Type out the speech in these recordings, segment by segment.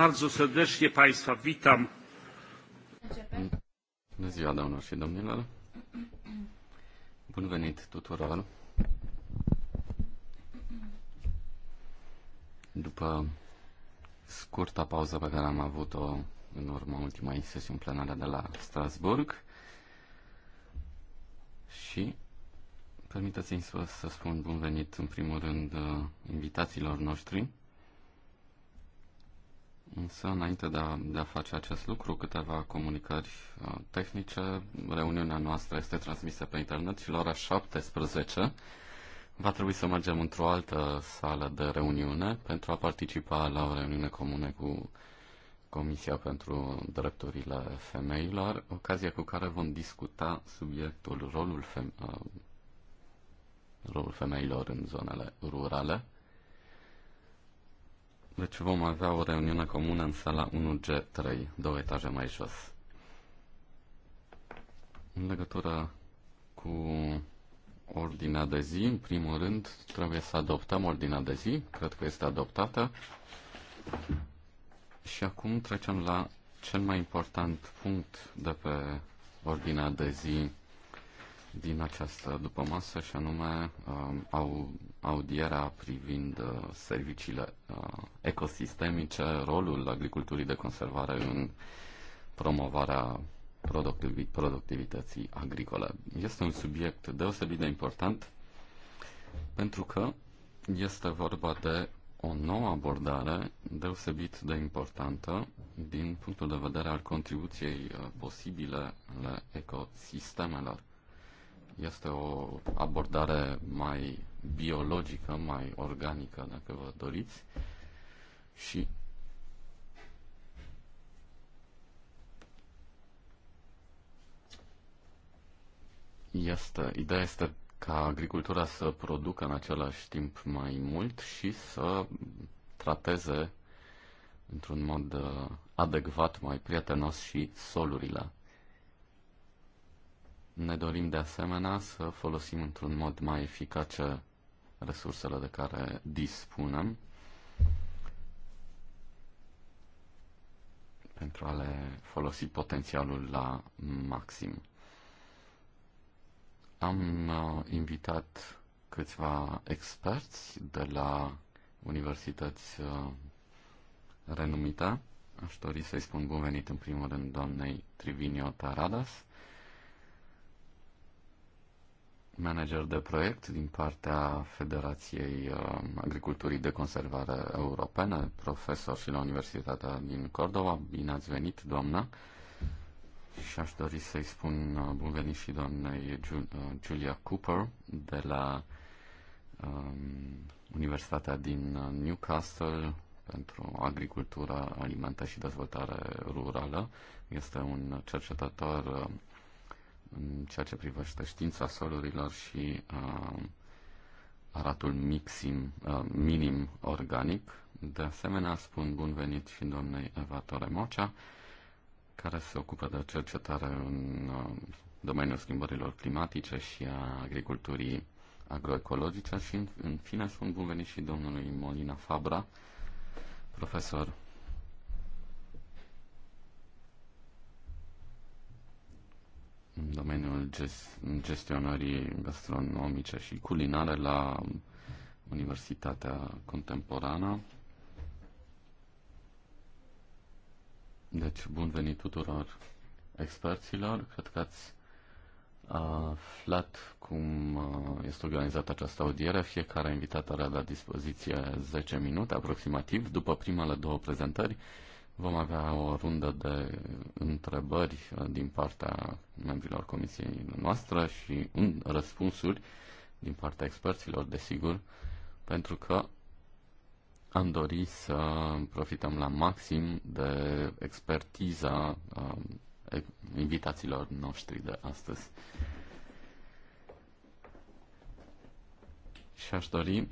bardzo serdecznie Państwa witam. Bună ziua, doamnelor și domnilor. Bun venit tuturor. După scurta pauză pe care am avut-o în urma ultimei sesiuni plenare de la Strasburg și permiteți-mi să, să spun bun venit în primul rând invitațiilor noștri Însă, înainte de a, de a face acest lucru, câteva comunicări uh, tehnice. Reuniunea noastră este transmisă pe internet și la ora 17 va trebui să mergem într-o altă sală de reuniune pentru a participa la o reuniune comună cu Comisia pentru Drepturile Femeilor, ocazia cu care vom discuta subiectul rolul, feme- uh, rolul femeilor în zonele rurale deci vom avea o reuniune comună în sala 1G3, două etaje mai jos. În legătură cu ordinea de zi, în primul rând, trebuie să adoptăm ordinea de zi. Cred că este adoptată. Și acum trecem la cel mai important punct de pe ordinea de zi din această dupămasă și anume um, au, audierea privind uh, serviciile uh, ecosistemice, rolul agriculturii de conservare în promovarea productivității agricole. Este un subiect deosebit de important pentru că este vorba de o nouă abordare deosebit de importantă din punctul de vedere al contribuției uh, posibile ale ecosistemelor. Este o abordare mai biologică, mai organică, dacă vă doriți. Și este, ideea este ca agricultura să producă în același timp mai mult și să trateze într-un mod uh, adecvat, mai prietenos și solurile. Ne dorim de asemenea să folosim într-un mod mai eficace resursele de care dispunem pentru a le folosi potențialul la maxim. Am uh, invitat câțiva experți de la universități uh, renumite. Aș dori să-i spun bun venit în primul rând doamnei Trivinio Taradas, manager de proiect din partea Federației uh, Agriculturii de Conservare Europene, profesor și la Universitatea din Cordova. Bine ați venit, doamna! Și aș dori să-i spun uh, bun venit și doamnei uh, Julia Cooper de la um, Universitatea din Newcastle pentru agricultură, alimente și dezvoltare rurală. Este un cercetător în ceea ce privește știința solurilor și uh, aratul mixim, uh, minim organic. De asemenea, spun bun venit și doamnei Eva Toremocea, care se ocupă de cercetare în uh, domeniul schimbărilor climatice și a agriculturii agroecologice și, în, în fine, spun bun venit și domnului Molina Fabra, profesor în domeniul gestionării gastronomice și culinare la Universitatea Contemporană. Deci, bun venit tuturor experților. Cred că ați aflat cum uh, este organizată această audiere. Fiecare invitat are la dispoziție 10 minute aproximativ după primele două prezentări Vom avea o rundă de întrebări din partea membrilor comisiei noastre și în răspunsuri din partea experților, desigur, pentru că am dorit să profităm la maxim de expertiza um, invitațiilor noștri de astăzi. Și aș dori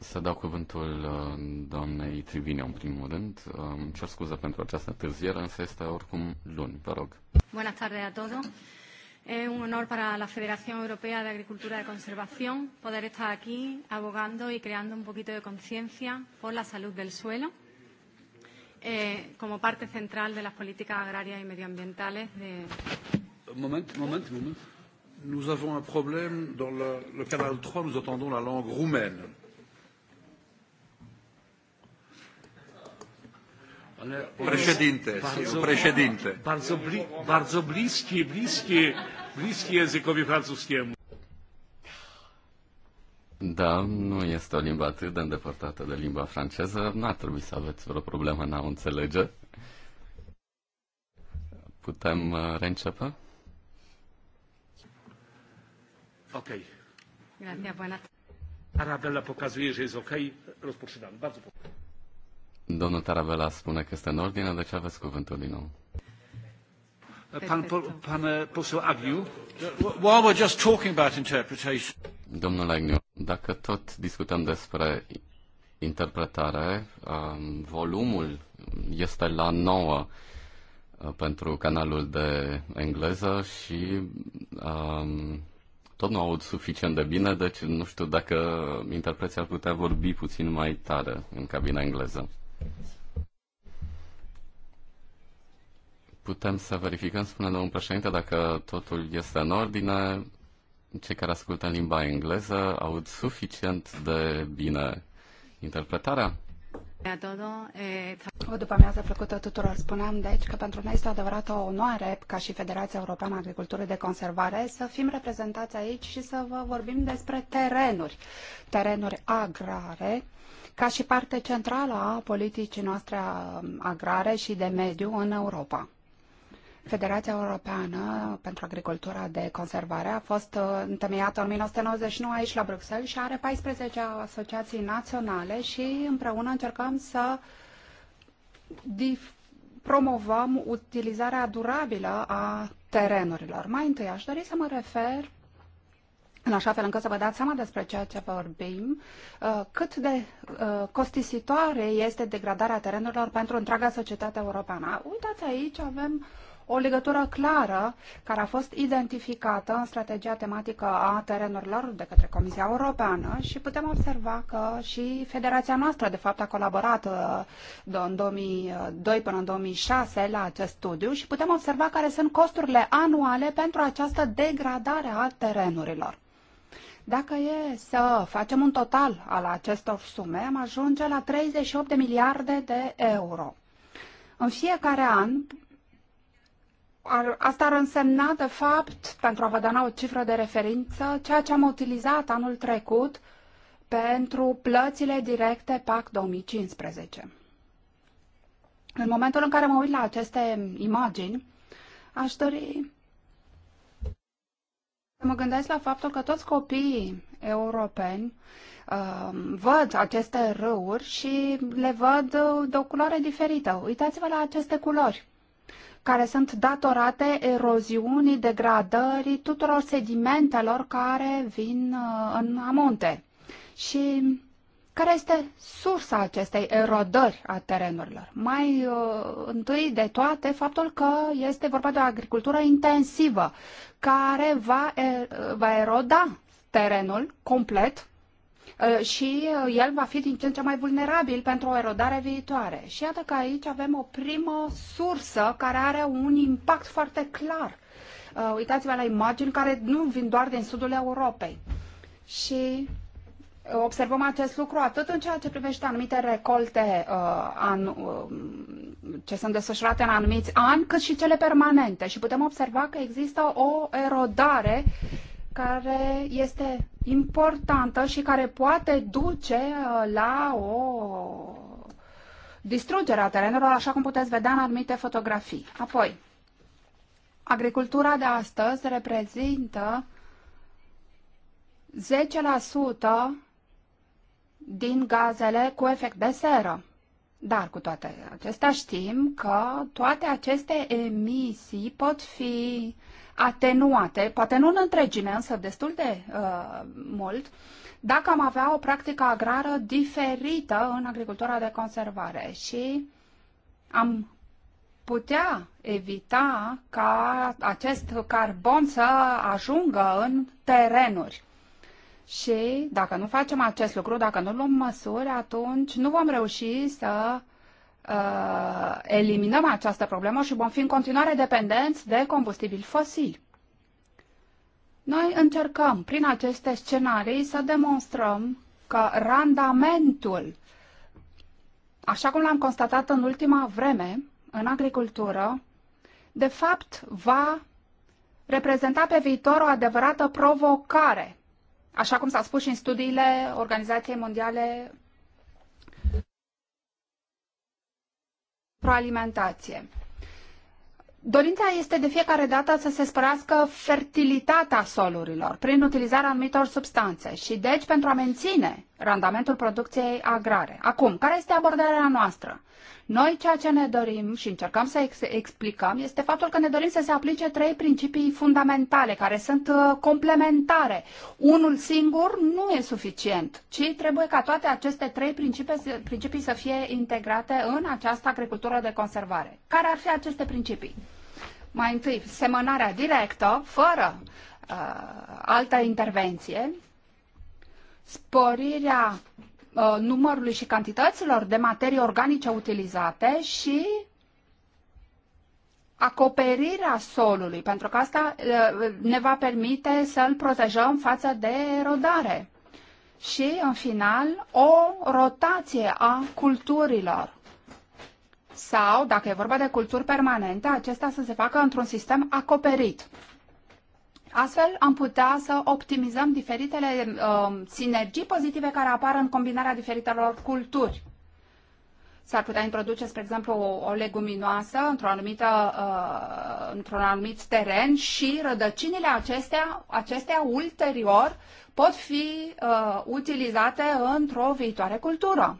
să dau cuvântul uh, doamnei Trivine în primul rând. Uh, îmi cer scuze pentru această târziere, însă este oricum luni. Vă rog. Bună tarde a todos. Es un honor para la Federación Europea de Agricultura de Conservación poder estar aquí abogando y creando un poquito de conciencia por la salud del suelo eh, como parte central de las políticas agrarias y medioambientales de... Moment, moment, moment. Nous avons un problème dans le, le canal 3, nous entendons la langue roumaine. ale președinte, bardzo, președinte. Bardzo, bli, bardzo bliskie, bliskie, bliskie językowi francuskiemu. Da, nu este o limbă atât de îndepărtată de limba franceză. N-ar trebui să aveți vreo problemă în a o înțelege. Putem uh, reîncepe? Ok. Arabella pokazuje, że jest ok. Rozpoczynamy. Bardzo proszę. Domnul Taravela spune că este în ordine, deci aveți cuvântul din nou. Pan, pan we're just talking about interpretation... Domnul Agnew, dacă tot discutăm despre interpretare, um, volumul este la 9 uh, pentru canalul de engleză și um, tot nu aud suficient de bine, deci nu știu dacă interpreția ar putea vorbi puțin mai tare în cabina engleză. Putem să verificăm, spune domnul președinte, dacă totul este în ordine. Cei care ascultă în limba engleză aud suficient de bine interpretarea? O după amiază plăcută tuturor. Spuneam deci că pentru noi este o adevărată onoare ca și Federația Europeană a Agriculturii de Conservare să fim reprezentați aici și să vă vorbim despre terenuri, terenuri agrare ca și parte centrală a politicii noastre agrare și de mediu în Europa. Federația Europeană pentru Agricultura de Conservare a fost uh, întemeiată în 1999 aici la Bruxelles și are 14 asociații naționale și împreună încercăm să promovăm utilizarea durabilă a terenurilor. Mai întâi aș dori să mă refer în așa fel încât să vă dați seama despre ceea ce vorbim, uh, cât de uh, costisitoare este degradarea terenurilor pentru întreaga societate europeană. Uitați aici, avem o legătură clară care a fost identificată în strategia tematică a terenurilor de către Comisia Europeană și putem observa că și Federația noastră, de fapt, a colaborat uh, în 2002 până în 2006 la acest studiu și putem observa care sunt costurile anuale pentru această degradare a terenurilor. Dacă e să facem un total al acestor sume, am ajunge la 38 de miliarde de euro. În fiecare an, asta ar însemna, de fapt, pentru a vă da o cifră de referință, ceea ce am utilizat anul trecut pentru plățile directe PAC 2015. În momentul în care mă uit la aceste imagini, aș dori Mă gândesc la faptul că toți copiii europeni uh, văd aceste râuri și le văd de o culoare diferită. Uitați-vă la aceste culori care sunt datorate eroziunii, degradării tuturor sedimentelor care vin uh, în amonte. Și care este sursa acestei erodări a terenurilor? Mai uh, întâi de toate, faptul că este vorba de o agricultură intensivă, care va, er, va eroda terenul complet uh, și uh, el va fi din ce în ce mai vulnerabil pentru o erodare viitoare. Și iată că aici avem o primă sursă care are un impact foarte clar. Uh, uitați-vă la imagini care nu vin doar din sudul Europei. Și observăm acest lucru atât în ceea ce privește anumite recolte uh, an, uh, ce sunt desfășurate în anumiți ani, cât și cele permanente. Și putem observa că există o erodare care este importantă și care poate duce uh, la o distrugere a terenurilor, așa cum puteți vedea în anumite fotografii. Apoi, agricultura de astăzi reprezintă din gazele cu efect de seră. Dar cu toate acestea știm că toate aceste emisii pot fi atenuate, poate nu în întregime, însă destul de uh, mult, dacă am avea o practică agrară diferită în agricultura de conservare și am putea evita ca acest carbon să ajungă în terenuri și dacă nu facem acest lucru, dacă nu luăm măsuri, atunci nu vom reuși să uh, eliminăm această problemă și vom fi în continuare dependenți de combustibili fosili. Noi încercăm prin aceste scenarii să demonstrăm că randamentul, așa cum l-am constatat în ultima vreme în agricultură, de fapt va reprezenta pe viitor o adevărată provocare Așa cum s-a spus și în studiile Organizației Mondiale Proalimentație. Dorința este de fiecare dată să se spărească fertilitatea solurilor prin utilizarea anumitor substanțe și deci pentru a menține randamentul producției agrare. Acum, care este abordarea noastră? Noi ceea ce ne dorim și încercăm să ex- explicăm este faptul că ne dorim să se aplice trei principii fundamentale care sunt uh, complementare. Unul singur nu e suficient, ci trebuie ca toate aceste trei principii, principii să fie integrate în această agricultură de conservare. Care ar fi aceste principii? Mai întâi, semănarea directă, fără uh, altă intervenție, sporirea Uh, numărului și cantităților de materii organice utilizate și acoperirea solului, pentru că asta uh, ne va permite să îl protejăm față de erodare. Și, în final, o rotație a culturilor. Sau, dacă e vorba de culturi permanente, acesta să se facă într-un sistem acoperit. Astfel am putea să optimizăm diferitele uh, sinergii pozitive care apar în combinarea diferitelor culturi. S-ar putea introduce, spre exemplu, o, o leguminoasă într un uh, într-un anumit teren și rădăcinile acestea, acestea ulterior pot fi uh, utilizate într-o viitoare cultură.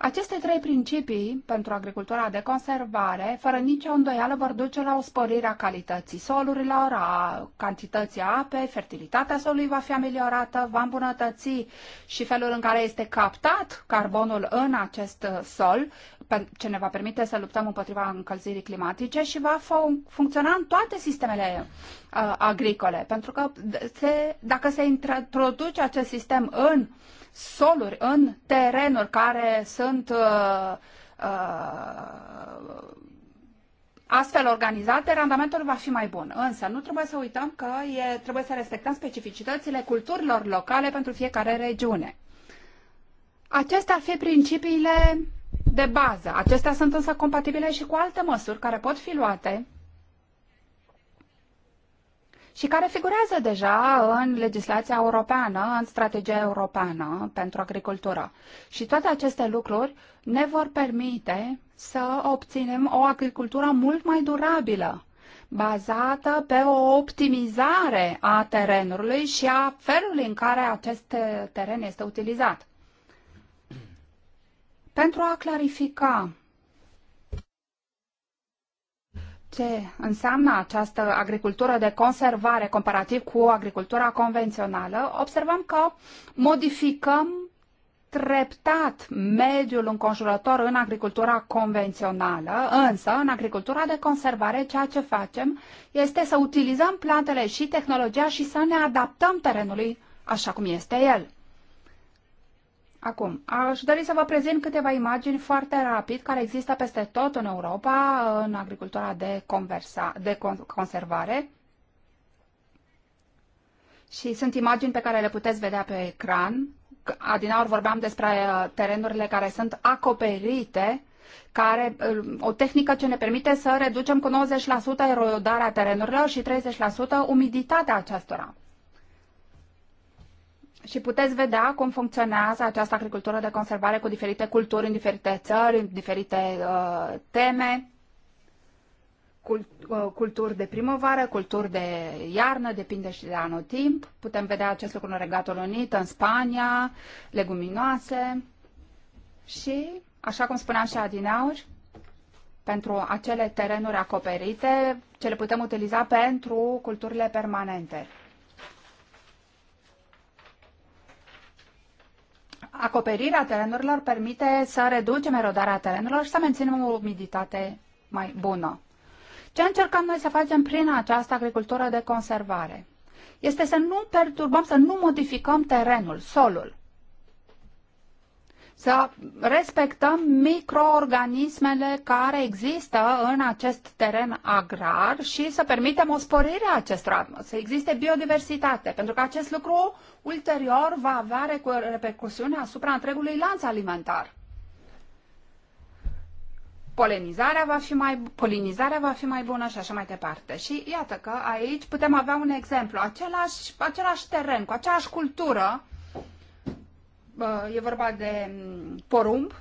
Aceste trei principii pentru agricultura de conservare, fără nicio îndoială, vor duce la o sporire a calității solurilor, a cantității apei, fertilitatea solului va fi ameliorată, va îmbunătăți și felul în care este captat carbonul în acest sol, ce ne va permite să luptăm împotriva încălzirii climatice și va funcționa în toate sistemele uh, agricole. Pentru că se, dacă se introduce acest sistem în uh, soluri, în terenuri care sunt uh, uh, astfel organizate, randamentul va fi mai bun. Însă nu trebuie să uităm că e, trebuie să respectăm specificitățile culturilor locale pentru fiecare regiune. Acestea ar fi principiile de bază. Acestea sunt însă compatibile și cu alte măsuri care pot fi luate și care figurează deja în legislația europeană, în strategia europeană pentru agricultură. Și toate aceste lucruri ne vor permite să obținem o agricultură mult mai durabilă, bazată pe o optimizare a terenului și a felului în care acest teren este utilizat. Pentru a clarifica ce înseamnă această agricultură de conservare comparativ cu agricultura convențională, observăm că modificăm treptat mediul înconjurător în agricultura convențională, însă în agricultura de conservare ceea ce facem este să utilizăm plantele și tehnologia și să ne adaptăm terenului așa cum este el. Acum, aș dori să vă prezint câteva imagini foarte rapid care există peste tot în Europa în agricultura de, conversa, de conservare. Și sunt imagini pe care le puteți vedea pe ecran. Adinaur vorbeam despre uh, terenurile care sunt acoperite, care, uh, o tehnică ce ne permite să reducem cu 90% erodarea terenurilor și 30% umiditatea acestora și puteți vedea cum funcționează această agricultură de conservare cu diferite culturi în diferite țări, în diferite uh, teme, cult, uh, culturi de primăvară, culturi de iarnă, depinde și de anul timp. Putem vedea acest lucru în Regatul Unit, în Spania, leguminoase și, așa cum spuneam și Adinauri, pentru acele terenuri acoperite, ce le putem utiliza pentru culturile permanente. acoperirea terenurilor permite să reducem erodarea terenurilor și să menținem o umiditate mai bună. Ce încercăm noi să facem prin această agricultură de conservare? Este să nu perturbăm, să nu modificăm terenul, solul să respectăm microorganismele care există în acest teren agrar și să permitem o sporire a acestora, să existe biodiversitate, pentru că acest lucru ulterior va avea repercusiune asupra întregului lanț alimentar. Polinizarea va fi mai, polinizarea va fi mai bună și așa mai departe. Și iată că aici putem avea un exemplu, același, același teren, cu aceeași cultură, Uh, e vorba de mm, porumb.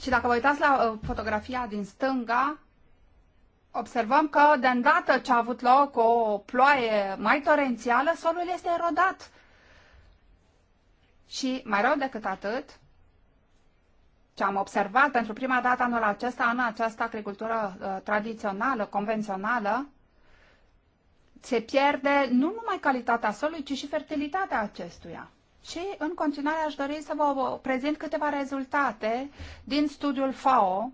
Și dacă vă uitați la uh, fotografia din stânga, observăm că de îndată ce a avut loc o ploaie mai torențială, solul este erodat. Și mai rău decât atât, ce am observat pentru prima dată anul acesta, anul acesta, agricultură uh, tradițională, convențională, se pierde nu numai calitatea solului, ci și fertilitatea acestuia. Și în continuare aș dori să vă prezint câteva rezultate din studiul FAO,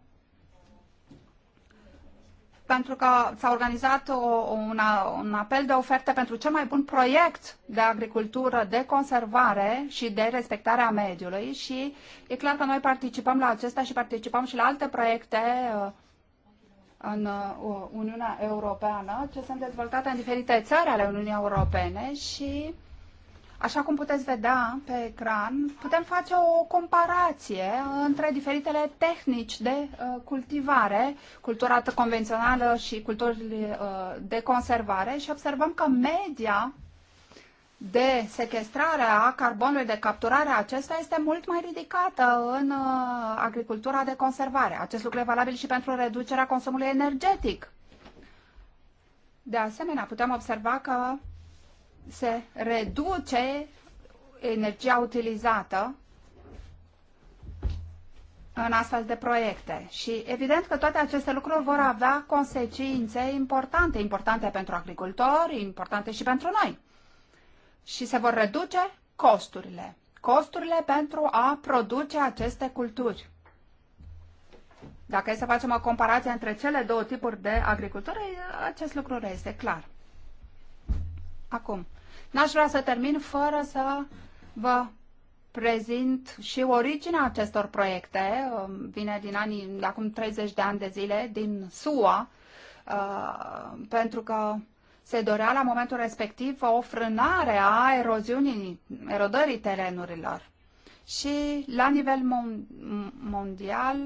pentru că s-a organizat o, una, un apel de ofertă pentru cel mai bun proiect de agricultură, de conservare și de respectarea mediului și e clar că noi participăm la acesta și participăm și la alte proiecte uh, în uh, Uniunea Europeană, ce sunt dezvoltate în diferite țări ale Uniunii Europene și Așa cum puteți vedea pe ecran, putem face o comparație între diferitele tehnici de uh, cultivare, cultura convențională și culturile uh, de conservare și observăm că media de sequestrare a carbonului, de capturare acesta este mult mai ridicată în uh, agricultura de conservare. Acest lucru e valabil și pentru reducerea consumului energetic. De asemenea, putem observa că se reduce energia utilizată în astfel de proiecte. Și evident că toate aceste lucruri vor avea consecințe importante, importante pentru agricultori, importante și pentru noi. Și se vor reduce costurile. Costurile pentru a produce aceste culturi. Dacă e să facem o comparație între cele două tipuri de agricultură, acest lucru este clar. Acum, N-aș vrea să termin fără să vă prezint și originea acestor proiecte. Vine din anii, de acum 30 de ani de zile, din SUA, uh, pentru că se dorea la momentul respectiv o frânare a eroziunii, erodării terenurilor. Și la nivel mondial,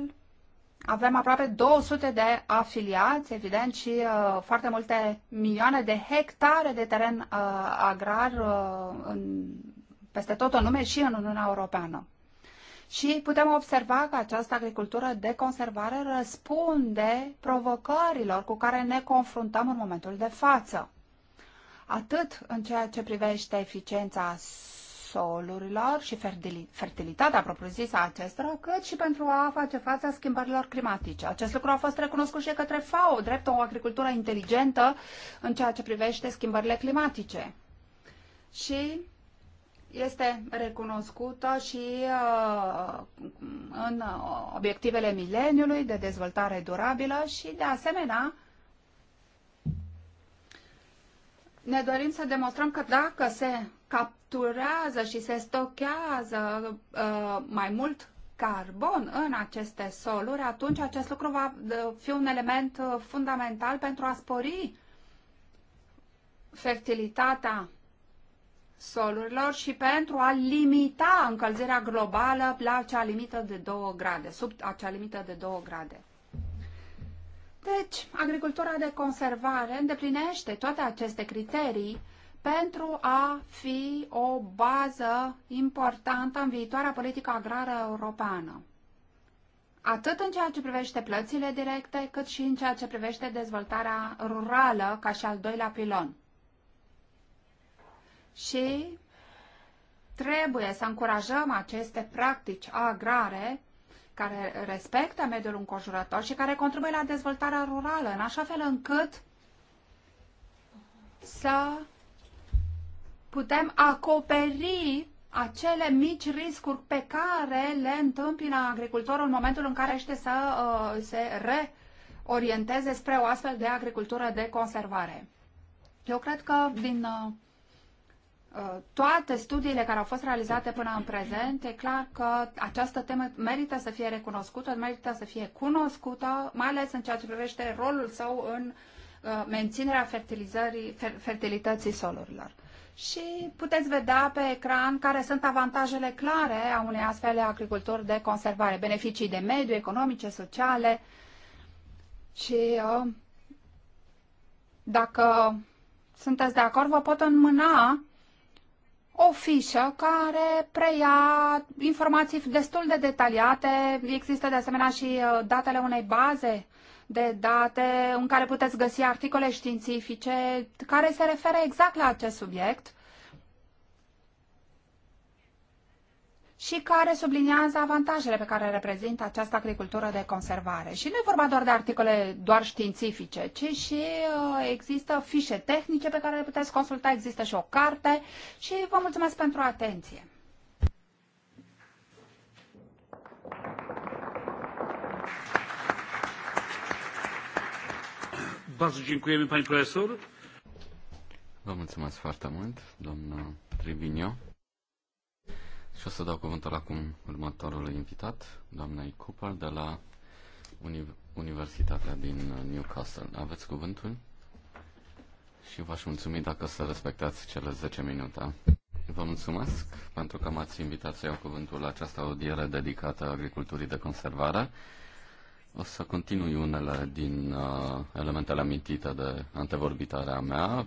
avem aproape 200 de afiliați, evident, și uh, foarte multe milioane de hectare de teren uh, agrar uh, în, peste tot în lume și în Uniunea Europeană. Și putem observa că această agricultură de conservare răspunde provocărilor cu care ne confruntăm în momentul de față. Atât în ceea ce privește eficiența solurilor și fertilitatea propriu-zisă a acestora, cât și pentru a face fața schimbărilor climatice. Acest lucru a fost recunoscut și către FAO, drept o agricultură inteligentă în ceea ce privește schimbările climatice. Și este recunoscută și uh, în obiectivele mileniului de dezvoltare durabilă și, de asemenea, ne dorim să demonstrăm că dacă se cap capturează și se stochează uh, mai mult carbon în aceste soluri, atunci acest lucru va uh, fi un element uh, fundamental pentru a spori fertilitatea solurilor și pentru a limita încălzirea globală la acea limită de 2 grade, sub acea limită de 2 grade. Deci, agricultura de conservare îndeplinește toate aceste criterii pentru a fi o bază importantă în viitoarea politică agrară europeană. Atât în ceea ce privește plățile directe, cât și în ceea ce privește dezvoltarea rurală ca și al doilea pilon. Și trebuie să încurajăm aceste practici agrare care respectă mediul înconjurător și care contribuie la dezvoltarea rurală, în așa fel încât să putem acoperi acele mici riscuri pe care le întâmpină agricultorul în momentul în care este să uh, se reorienteze spre o astfel de agricultură de conservare. Eu cred că din uh, uh, toate studiile care au fost realizate până în prezent, e clar că această temă merită să fie recunoscută, merită să fie cunoscută, mai ales în ceea ce privește rolul său în uh, menținerea fertilizării, fertilității solurilor și puteți vedea pe ecran care sunt avantajele clare a unei astfel de agriculturi de conservare, beneficii de mediu, economice, sociale și uh, dacă sunteți de acord, vă pot înmâna o fișă care preia informații destul de detaliate. Există de asemenea și uh, datele unei baze de date în care puteți găsi articole științifice care se referă exact la acest subiect și care subliniază avantajele pe care reprezintă această agricultură de conservare. Și nu e vorba doar de articole doar științifice, ci și uh, există fișe tehnice pe care le puteți consulta, există și o carte și vă mulțumesc pentru atenție. Bardzo dziękujemy, pani profesor. Vă mulțumesc foarte mult, doamna Tribinio. Și o să dau cuvântul acum următorului invitat, doamna Cooper de la Uni- Universitatea din Newcastle. Aveți cuvântul? Și v-aș mulțumi dacă să respectați cele 10 minute. Vă mulțumesc pentru că m-ați invitat să iau cuvântul la această audiere dedicată agriculturii de conservare. O să continui unele din uh, elementele amintite de antevorbitarea mea.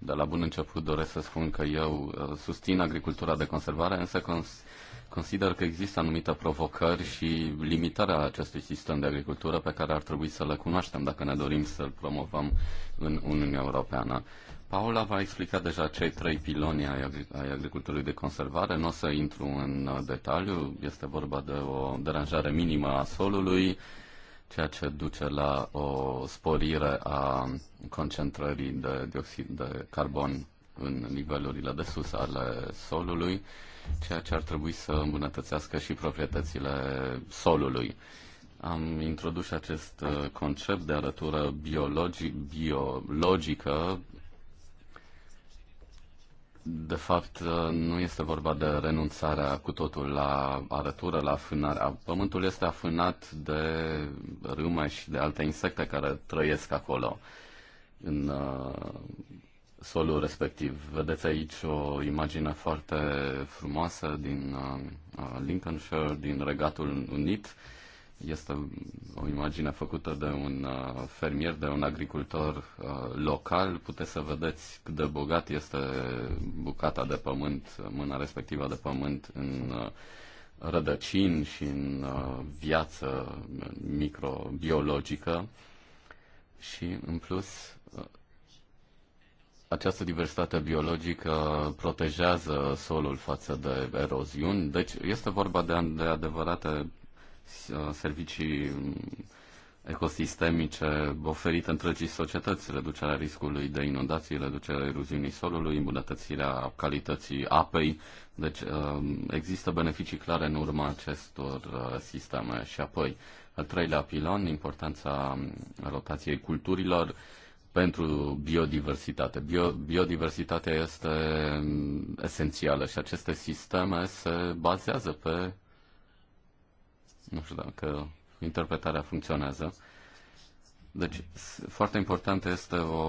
De la bun început doresc să spun că eu uh, susțin agricultura de conservare, însă cons- consider că există anumite provocări și limitarea acestui sistem de agricultură pe care ar trebui să le cunoaștem dacă ne dorim să-l promovăm în Uniunea Europeană. Paula va explica deja cei trei piloni ai, ai agriculturii de conservare. Nu o să intru în uh, detaliu. Este vorba de o deranjare minimă a solului, ceea ce duce la o sporire a concentrării de dioxid de carbon în nivelurile de sus ale solului, ceea ce ar trebui să îmbunătățească și proprietățile solului. Am introdus acest uh, concept de arătură biologi- biologică de fapt, uh, nu este vorba de renunțarea cu totul la arătură, la afânare. Pământul este afânat de râme și de alte insecte care trăiesc acolo, în uh, solul respectiv. Vedeți aici o imagine foarte frumoasă din uh, Lincolnshire, din Regatul Unit este o imagine făcută de un uh, fermier, de un agricultor uh, local. Puteți să vedeți cât de bogat este bucata de pământ, mâna respectivă de pământ în uh, rădăcini și în viață microbiologică. Și, în plus, această diversitate biologică protejează solul față de eroziuni, deci este vorba de, de adevărate Uh, servicii mm, ecosistemice oferite întregii societăți, reducerea riscului de inundații, reducerea eruziunii solului, îmbunătățirea calității apei. Deci um, există beneficii clare în urma acestor uh, sisteme. Și apoi, al treilea pilon, importanța mm, rotației culturilor pentru biodiversitate. Bio, biodiversitatea este mm, esențială și aceste sisteme se bazează pe nu știu dacă interpretarea funcționează. Deci, foarte important este o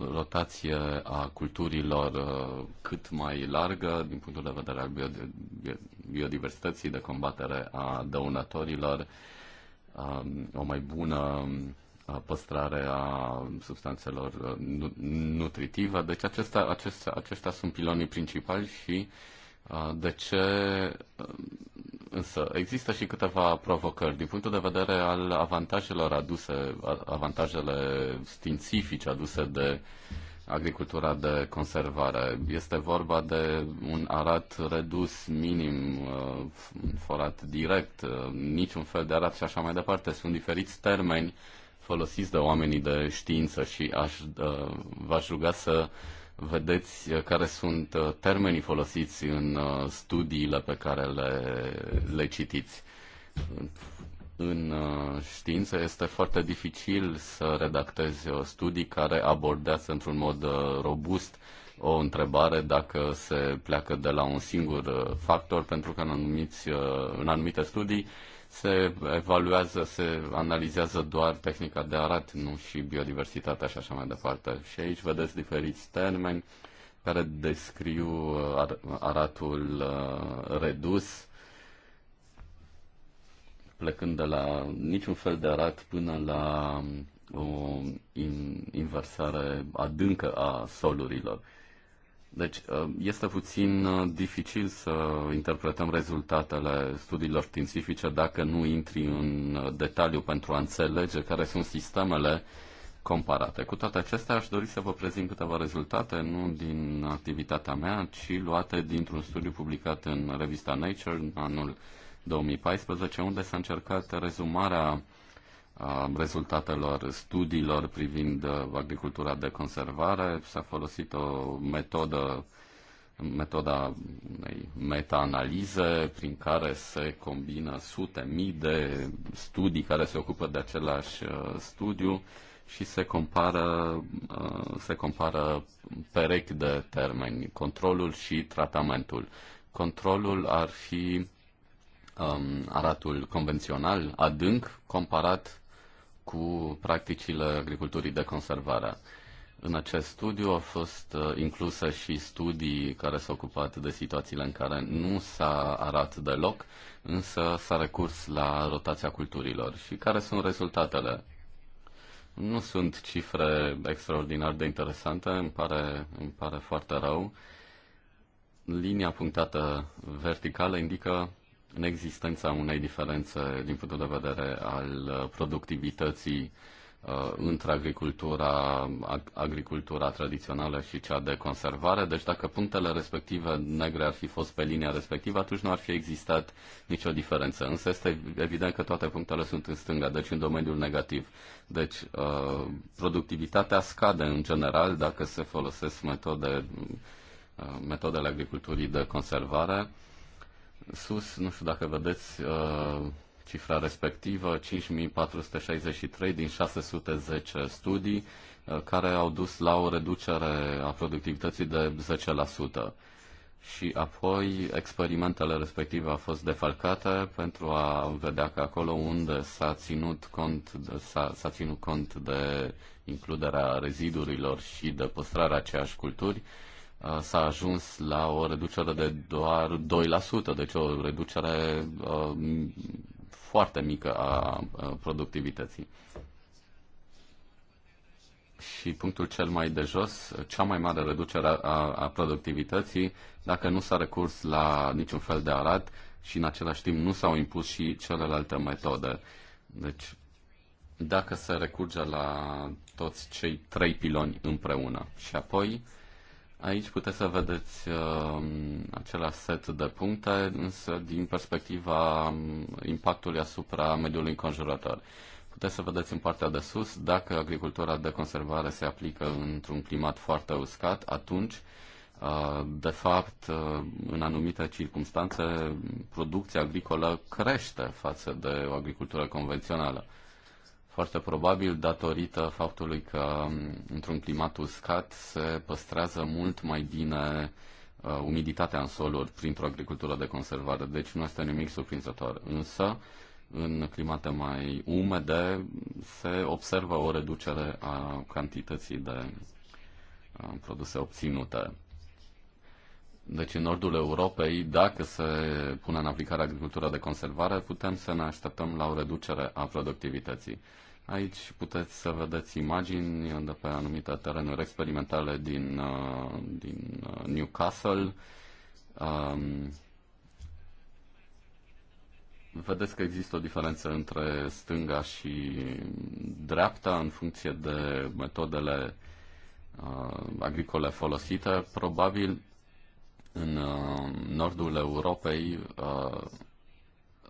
rotație a culturilor uh, cât mai largă din punctul de vedere al biodiversității, de combatere a dăunătorilor, um, o mai bună uh, păstrare a substanțelor uh, nutritive. Deci acestea, acestea, acestea sunt pilonii principali și uh, de ce? Însă, există și câteva provocări. Din punctul de vedere al avantajelor aduse, avantajele științifice aduse de agricultura de conservare. Este vorba de un arat redus, minim, forat direct, niciun fel de arat și așa mai departe. Sunt diferiți termeni folosiți de oamenii de știință și aș, v-aș ruga să vedeți uh, care sunt uh, termenii folosiți în uh, studiile pe care le, le citiți. În știință este foarte dificil să redactezi studii care abordează într-un mod robust o întrebare dacă se pleacă de la un singur factor, pentru că în, anumiți, în anumite studii se evaluează, se analizează doar tehnica de arat, nu și biodiversitatea și așa mai departe. Și aici vedeți diferiți termeni care descriu uh, aratul uh, redus, plecând de la niciun fel de arat până la o um, inversare adâncă a solurilor. Deci ă, este puțin ă, dificil să interpretăm rezultatele studiilor științifice dacă nu intri în detaliu pentru a înțelege care sunt sistemele comparate. Cu toate acestea, aș dori să vă prezint câteva rezultate, nu din activitatea mea, ci luate dintr-un studiu publicat în revista Nature în anul 2014, unde s-a încercat rezumarea rezultatelor studiilor privind agricultura de conservare. S-a folosit o metodă, metoda meta-analize prin care se combină sute mii de studii care se ocupă de același studiu și se compară, se compară perechi de termeni, controlul și tratamentul. Controlul ar fi um, aratul convențional, adânc, comparat cu practicile agriculturii de conservare. În acest studiu au fost uh, incluse și studii care s-au ocupat de situațiile în care nu s-a arat deloc, însă s-a recurs la rotația culturilor. Și care sunt rezultatele? Nu sunt cifre extraordinar de interesante, îmi pare, îmi pare foarte rău. Linia punctată verticală indică neexistența unei diferențe din punctul de vedere al uh, productivității uh, între agricultura, agricultura tradițională și cea de conservare. Deci dacă punctele respective negre ar fi fost pe linia respectivă, atunci nu ar fi existat nicio diferență. Însă este evident că toate punctele sunt în stânga, deci în domeniul negativ. Deci uh, productivitatea scade în general dacă se folosesc metode, metodele agriculturii de conservare sus, nu știu dacă vedeți uh, cifra respectivă, 5463 din 610 studii uh, care au dus la o reducere a productivității de 10%. Și apoi experimentele respective au fost defalcate pentru a vedea că acolo unde s-a ținut cont, s-a, s-a ținut cont de includerea rezidurilor și de păstrarea aceeași culturi, uh, s-a ajuns la o reducere de doar 2%, deci o reducere foarte mică a productivității. Și punctul cel mai de jos, cea mai mare reducere a, a productivității, dacă nu s-a recurs la niciun fel de arat și în același timp nu s-au impus și celelalte metode. Deci, dacă se recurge la toți cei trei piloni împreună și apoi uh, Aici puteți să vedeți uh, um, acela set de puncte, însă din perspectiva um, impactului asupra mediului înconjurător. Puteți să vedeți în partea de sus, dacă agricultura de conservare se aplică într-un climat foarte uscat, atunci, uh, de fapt, uh, în anumite circunstanțe, producția agricolă crește față de o agricultură convențională foarte probabil datorită faptului că um, într-un climat uscat se păstrează mult mai bine uh, umiditatea în soluri printr-o agricultură de conservare, deci nu este nimic surprinzător. Însă, în climate mai umede, se observă o reducere a cantității de uh, produse obținute. Deci în nordul Europei, dacă se pune în aplicare agricultura de conservare, putem să ne așteptăm la o reducere a productivității. Aici puteți să vedeți imagini de pe anumite terenuri experimentale din, uh, din uh, Newcastle. Um, vedeți că există o diferență între stânga și dreapta în funcție de metodele uh, agricole folosite. Probabil în uh, nordul Europei uh,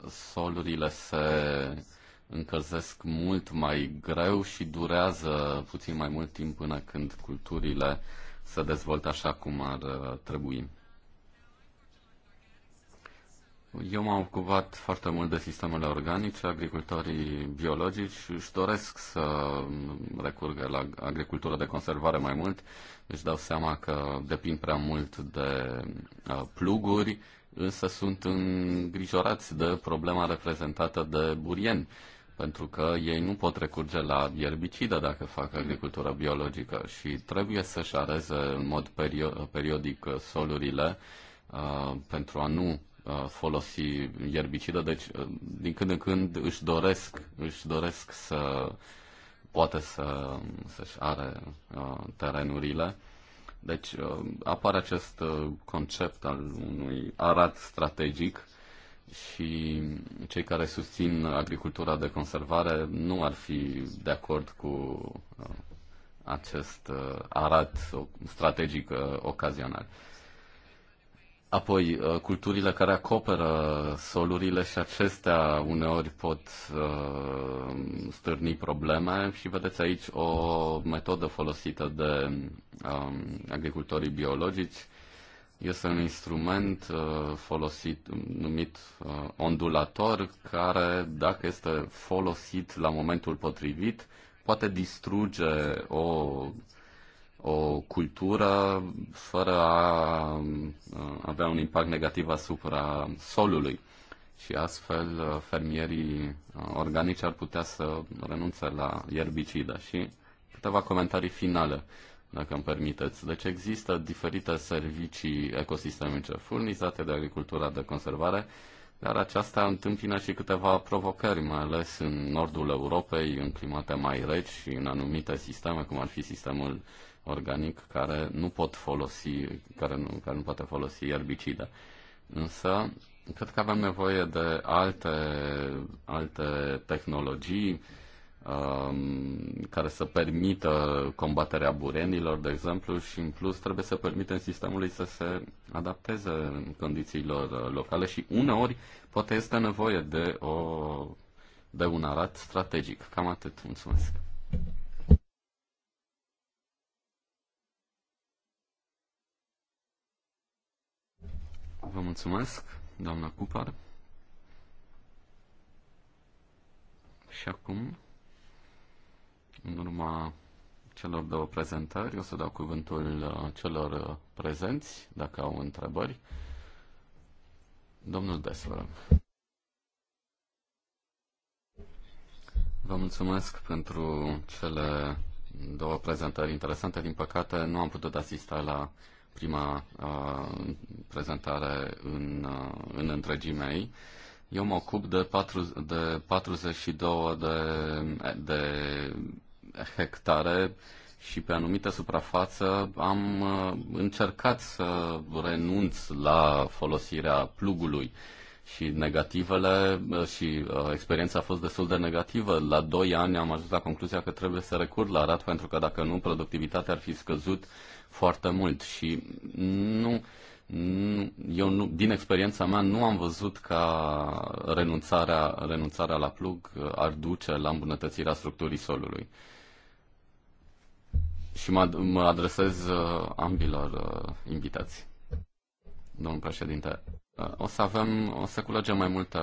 solurile se încălzesc mult mai greu și durează puțin mai mult timp până când culturile se dezvoltă așa cum ar uh, trebui. Eu m-am ocupat foarte mult de sistemele organice, agricultorii biologici își doresc să mm, recurgă la agricultură de conservare mai mult, își dau seama că depind prea mult de uh, pluguri, însă sunt îngrijorați de problema reprezentată de burieni pentru că ei nu pot recurge la ierbicidă dacă fac agricultură biologică și trebuie să-și areze în mod periodic solurile uh, pentru a nu uh, folosi ierbicidă. Deci, uh, din când în când își doresc, își doresc să poate să, să-și are uh, terenurile. Deci uh, apare acest uh, concept al unui arat strategic și cei care susțin agricultura de conservare nu ar fi de acord cu uh, acest uh, arat strategic uh, ocazional. Apoi, culturile care acoperă solurile și acestea uneori pot stârni probleme și vedeți aici o metodă folosită de um, agricultorii biologici este un instrument uh, folosit, numit uh, ondulator, care, dacă este folosit la momentul potrivit, poate distruge o, o cultură fără a uh, avea un impact negativ asupra solului. Și astfel fermierii organici ar putea să renunțe la ierbicida. Și câteva comentarii finale dacă îmi permiteți. Deci există diferite servicii ecosistemice furnizate de agricultura de conservare, dar aceasta întâmpină și câteva provocări, mai ales în nordul Europei, în climate mai reci și în anumite sisteme, cum ar fi sistemul organic, care nu pot folosi, care nu, care nu poate folosi erbicide. Însă, cred că avem nevoie de alte, alte tehnologii, Um, care să permită combaterea burenilor, de exemplu, și în plus trebuie să permitem sistemului să se adapteze în condițiilor uh, locale și uneori poate este nevoie de, o, de un arat strategic. Cam atât. Mulțumesc. Vă mulțumesc, doamna Cupar. Și acum în urma celor două prezentări o să dau cuvântul uh, celor uh, prezenți, dacă au întrebări. Domnul Desfără. Vă mulțumesc pentru cele două prezentări interesante. Din păcate, nu am putut asista la prima uh, prezentare în, uh, în întregimea ei. Eu mă ocup de, patru de 42 de, de hectare și pe anumită suprafață am uh, încercat să renunț la folosirea plugului și negativele uh, și uh, experiența a fost destul de negativă. La 2 ani am ajuns la concluzia că trebuie să recurg la arat pentru că dacă nu, productivitatea ar fi scăzut foarte mult și nu, nu eu nu, din experiența mea nu am văzut ca renunțarea, renunțarea la plug ar duce la îmbunătățirea structurii solului și mă, mă adresez uh, ambilor uh, invitați. Domnul președinte, uh, o să avem, o să culegem mai multe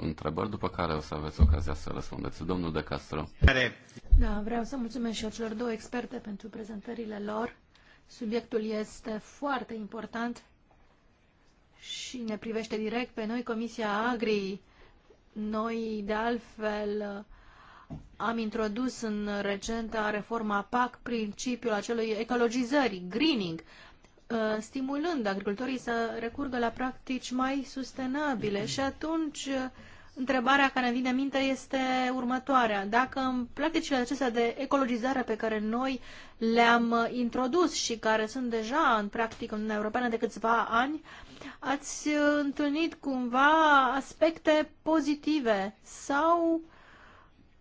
întrebări, după care o să aveți ocazia să răspundeți. Domnul De Castro. Da, vreau să mulțumesc și celor două experte pentru prezentările lor. Subiectul este foarte important și ne privește direct pe noi, Comisia Agri. Noi, de altfel, am introdus în recenta reforma PAC principiul acelui ecologizări, greening, uh, stimulând agricultorii să recurgă la practici mai sustenabile. Și atunci, uh, întrebarea care îmi vine în minte este următoarea. Dacă în practicile acestea de ecologizare pe care noi le-am uh, introdus și care sunt deja în practică în Uniunea Europeană de câțiva ani, ați întâlnit cumva aspecte pozitive sau uh,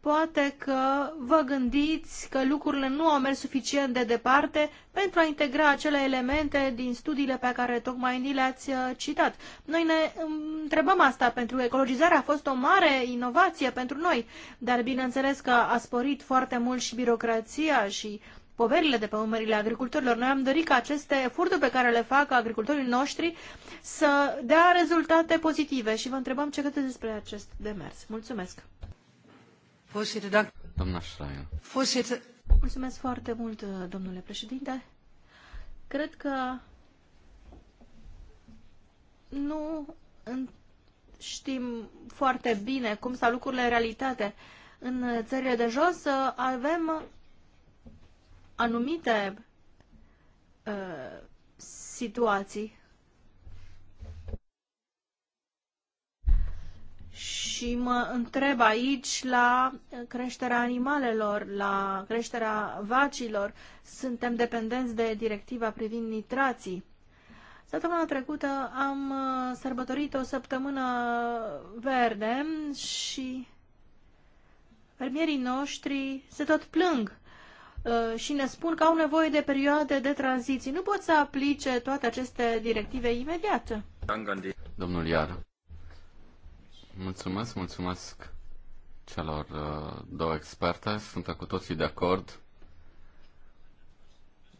poate că vă gândiți că lucrurile nu au mers suficient de departe pentru a integra acele elemente din studiile pe care tocmai ni le-ați uh, citat. Noi ne um, întrebăm asta pentru că ecologizarea a fost o mare inovație pentru noi, dar bineînțeles că a sporit foarte mult și birocrația și poverile de pe umerile agricultorilor. Noi am dorit ca aceste eforturi pe care le fac agricultorii noștri să dea rezultate pozitive și vă întrebăm ce credeți despre acest demers. Mulțumesc! Doamna Schreier. Mulțumesc foarte mult, domnule președinte. Cred că nu știm foarte bine cum stau lucrurile în realitate. În țările de jos uh, avem anumite uh, situații și mă întreb aici la creșterea animalelor, la creșterea vacilor. Suntem dependenți de directiva privind nitrații. Săptămâna trecută am uh, sărbătorit o săptămână verde și fermierii noștri se tot plâng uh, și ne spun că au nevoie de perioade de tranziție. Nu pot să aplice toate aceste directive imediat. Domnul Iar. Mulțumesc, mulțumesc celor uh, două experte. Sunt cu toții de acord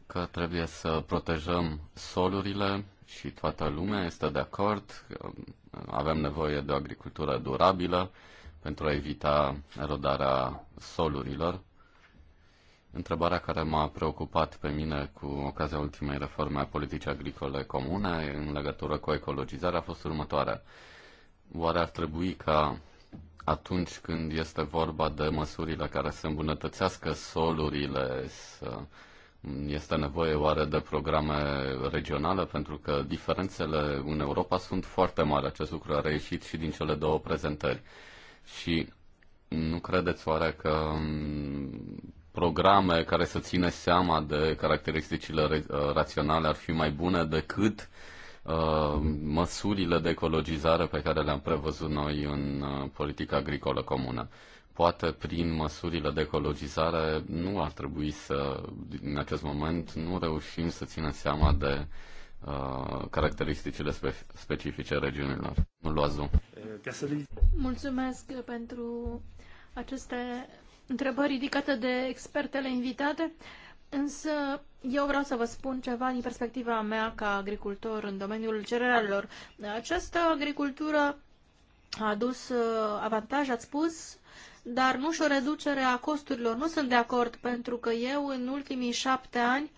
că trebuie să protejăm solurile și toată lumea este de acord. Avem nevoie de o agricultură durabilă pentru a evita erodarea solurilor. Întrebarea care m-a preocupat pe mine cu ocazia ultimei reforme a politicii agricole comune în legătură cu ecologizarea a fost următoarea. Oare ar trebui ca atunci când este vorba de măsurile care să îmbunătățească solurile, să, este nevoie oare de programe regionale? Pentru că diferențele în Europa sunt foarte mari. Acest lucru a reieșit și din cele două prezentări. Și nu credeți oare că mm, programe care să țină seama de caracteristicile raționale ar fi mai bune decât uh, Uh, măsurile de ecologizare pe care le-am prevăzut noi în uh, politica agricolă comună. Poate prin măsurile de ecologizare nu ar trebui să, în acest moment, nu reușim să ținem seama de uh, caracteristicile spe- specifice regiunilor. Mulțumesc pentru aceste întrebări ridicate de expertele invitate, însă eu vreau să vă spun ceva din perspectiva mea ca agricultor în domeniul cerealelor. Această agricultură a adus uh, avantaj, ați spus, dar nu și o reducere a costurilor. Nu sunt de acord, pentru că eu în ultimii șapte ani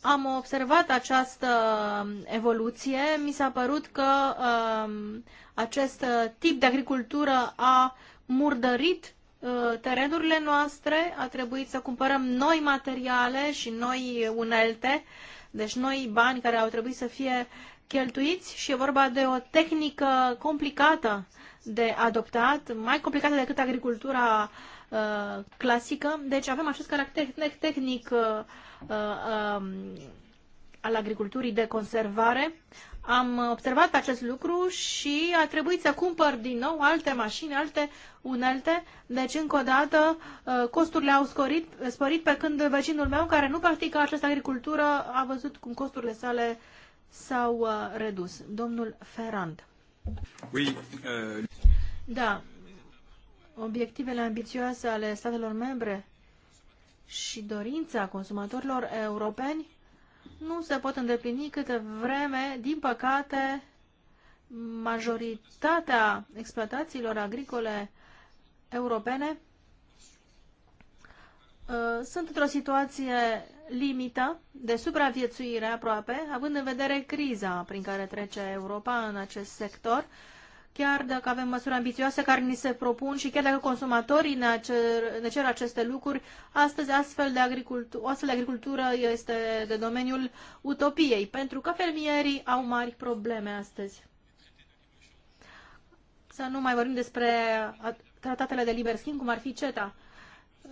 am observat această um, evoluție. Mi s-a părut că um, acest uh, tip de agricultură a murdărit Uh, terenurile noastre, a trebuit să cumpărăm noi materiale și noi unelte, deci noi bani care au trebuit să fie cheltuiți și e vorba de o tehnică complicată de adoptat, mai complicată decât agricultura uh, clasică. Deci avem acest caracter tehnic uh, uh, um, al agriculturii de conservare. Am observat acest lucru și a trebuit să cumpăr din nou alte mașini, alte unelte. Deci, încă o dată, uh, costurile au scorit, sporit pe când vecinul meu, care nu practică această agricultură, a văzut cum costurile sale s-au uh, redus. Domnul Ferrand. Oui, uh... Da. Obiectivele ambițioase ale statelor membre și dorința consumatorilor europeni nu se pot îndeplini câte vreme, din păcate, majoritatea exploatațiilor agricole europene uh, sunt într-o situație limită de supraviețuire aproape, având în vedere criza prin care trece Europa în acest sector chiar dacă avem măsuri ambițioase care ni se propun și chiar dacă consumatorii ne cer, ne cer aceste lucruri, astăzi astfel de agricultură, o astfel de agricultură este de domeniul utopiei, pentru că fermierii au mari probleme astăzi. Să nu mai vorbim despre tratatele de liber schimb, cum ar fi CETA.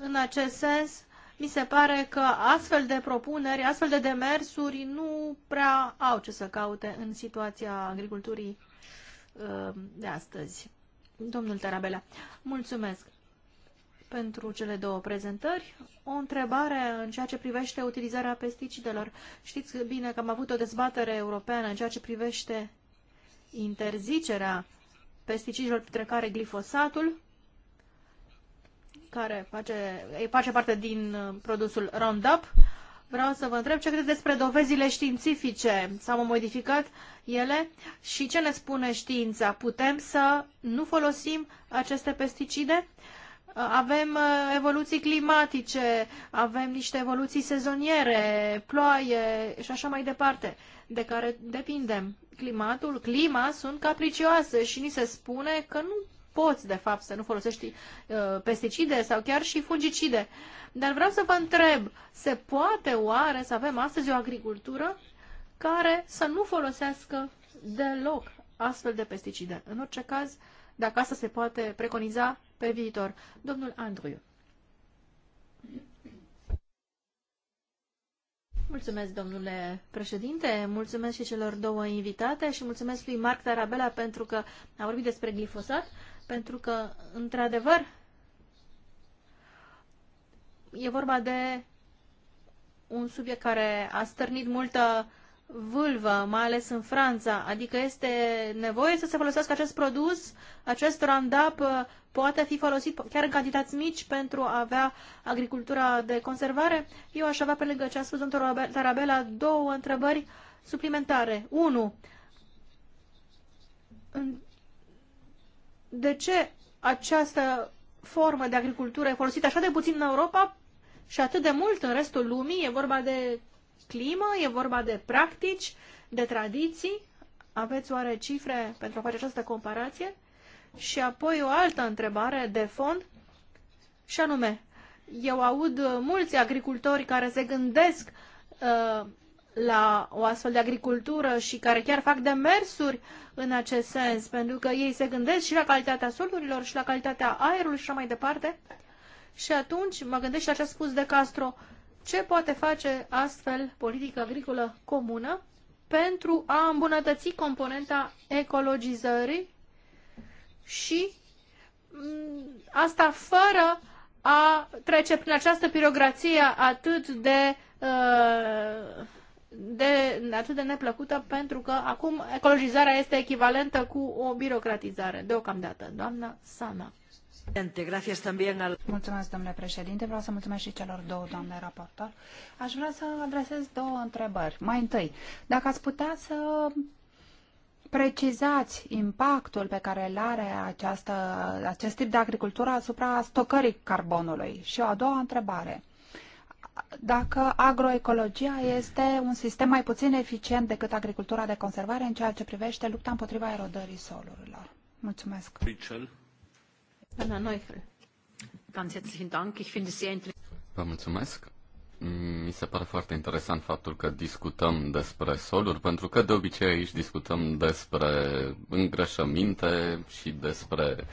În acest sens, mi se pare că astfel de propuneri, astfel de demersuri nu prea au ce să caute în situația agriculturii Uh, de astăzi. Domnul Tarabela, mulțumesc pentru cele două prezentări. O întrebare în ceea ce privește utilizarea pesticidelor. Știți bine că am avut o dezbatere europeană în ceea ce privește interzicerea pesticidelor, printre care glifosatul, care face, face parte din uh, produsul Roundup Vreau să vă întreb ce credeți despre dovezile științifice. S-au modificat ele și ce ne spune știința? Putem să nu folosim aceste pesticide? Avem uh, evoluții climatice, avem niște evoluții sezoniere, ploaie și așa mai departe, de care depindem. Climatul, clima sunt capricioase și ni se spune că nu poți, de fapt, să nu folosești uh, pesticide sau chiar și fungicide. Dar vreau să vă întreb, se poate oare să avem astăzi o agricultură care să nu folosească deloc astfel de pesticide? În orice caz, dacă asta se poate preconiza pe viitor. Domnul Andriu. Mulțumesc, domnule președinte, mulțumesc și celor două invitate și mulțumesc lui Marc Tarabella pentru că a vorbit despre glifosat pentru că, într-adevăr, e vorba de un subiect care a stârnit multă vâlvă, mai ales în Franța, adică este nevoie să se folosească acest produs, acest Roundup uh, poate fi folosit chiar în cantități mici pentru a avea agricultura de conservare. Eu aș avea pe lângă ce a spus domnul Tarabela două întrebări suplimentare. Unu de ce această formă de agricultură e folosită așa de puțin în Europa și atât de mult în restul lumii. E vorba de climă, e vorba de practici, de tradiții. Aveți oare cifre pentru a face această comparație? Și apoi o altă întrebare de fond, și anume, eu aud mulți agricultori care se gândesc uh, la o astfel de agricultură și care chiar fac demersuri în acest sens, pentru că ei se gândesc și la calitatea solurilor și la calitatea aerului și așa mai departe. Și atunci mă gândesc și la ce a spus De Castro, ce poate face astfel politică agricolă comună pentru a îmbunătăți componenta ecologizării și mm, asta fără a trece prin această pirocrație atât de uh, de, atât de neplăcută pentru că acum ecologizarea este echivalentă cu o birocratizare, deocamdată. Doamna Sana. Mulțumesc, domnule președinte. Vreau să mulțumesc și celor două doamne raportor. Aș vrea să adresez două întrebări. Mai întâi, dacă ați putea să precizați impactul pe care îl are această, acest tip de agricultură asupra stocării carbonului. Și o a doua întrebare dacă agroecologia este un sistem mai puțin eficient decât agricultura de conservare în ceea ce privește lupta împotriva erodării solurilor. Mulțumesc. Michel. Doamna Neuchel. Ganz herzlichen Dank. Ich finde sehr Vă mulțumesc. Mi se pare foarte interesant faptul că discutăm despre soluri, pentru că de obicei aici discutăm despre îngrășăminte și despre uh,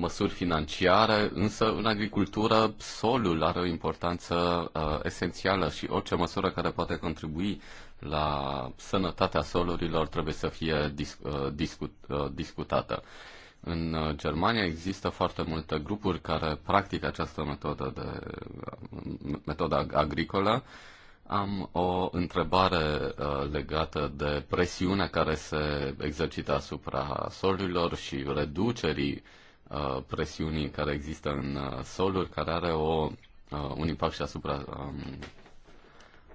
măsuri financiare, însă în agricultură solul are o importanță uh, esențială și orice măsură care poate contribui la sănătatea solurilor trebuie să fie dis, uh, discut, uh, discutată. În uh, Germania există foarte multe grupuri care practică această metodă, de, uh, metodă agricolă. Am o întrebare uh, legată de presiunea care se exercită asupra solurilor și reducerii uh, Uh, presiunii care există în uh, soluri, care are o, uh, un impact și asupra um,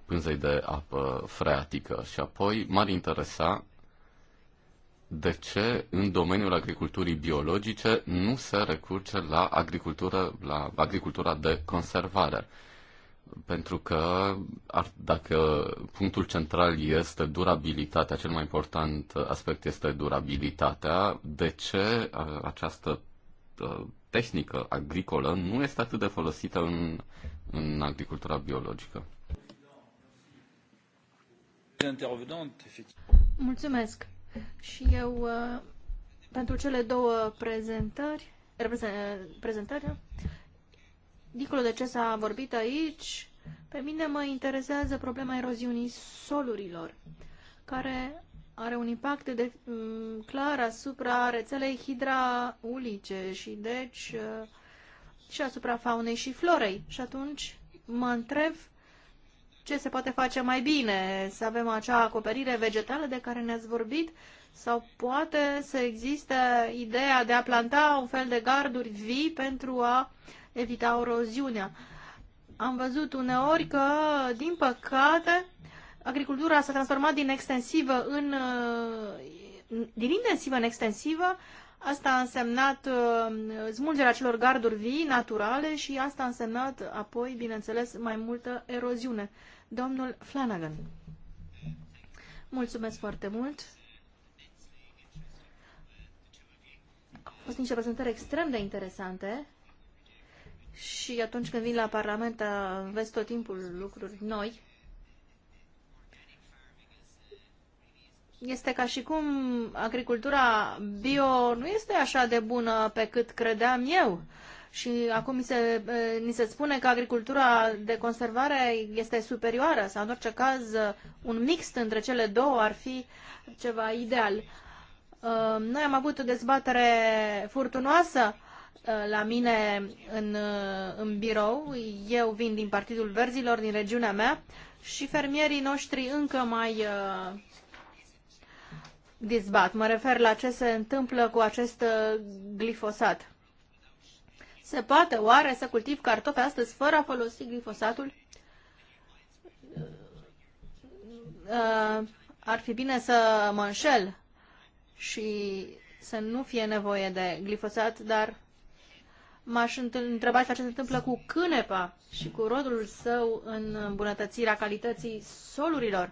pânzei de apă freatică. Și apoi m-ar interesa de ce în domeniul agriculturii biologice nu se recurge la agricultură, la agricultura de conservare. Pentru că ar, dacă punctul central este durabilitatea, cel mai important aspect este durabilitatea, de ce această Uh, tehnică agricolă nu este atât de folosită în, în agricultura biologică. Mulțumesc. Și eu uh, pentru cele două prezentări, prezentări, dincolo de ce s-a vorbit aici, pe mine mă interesează problema eroziunii solurilor, care are un impact de, mm, clar asupra rețelei hidraulice și deci uh, și asupra faunei și florei. Și atunci mă întreb ce se poate face mai bine, să avem acea acoperire vegetală de care ne-ați vorbit sau poate să existe ideea de a planta un fel de garduri vii pentru a evita eroziunea. Am văzut uneori că, din păcate, agricultura s-a transformat din extensivă în, uh, din intensivă în extensivă, asta a însemnat uh, smulgerea celor garduri vii naturale și asta a însemnat apoi, bineînțeles, mai multă eroziune. Domnul Flanagan. Mulțumesc foarte mult. Au fost niște prezentări extrem de interesante și atunci când vin la Parlament uh, vezi tot timpul lucruri noi. este ca și cum agricultura bio nu este așa de bună pe cât credeam eu. Și acum ni se, eh, ni se spune că agricultura de conservare este superioară sau în orice caz eh, un mix între cele două ar fi ceva ideal. Eh, noi am avut o dezbatere furtunoasă la mine în, în birou. Eu vin din Partidul Verzilor, din regiunea mea și fermierii noștri încă mai uh, dizbat. Mă refer la ce se întâmplă cu acest uh, glifosat. Se poate oare să cultiv cartofi astăzi fără a folosi glifosatul? Uh, ar fi bine să mă înșel și să nu fie nevoie de glifosat, dar m-aș întreba ce se întâmplă cu cânepa și cu rodul său în îmbunătățirea calității solurilor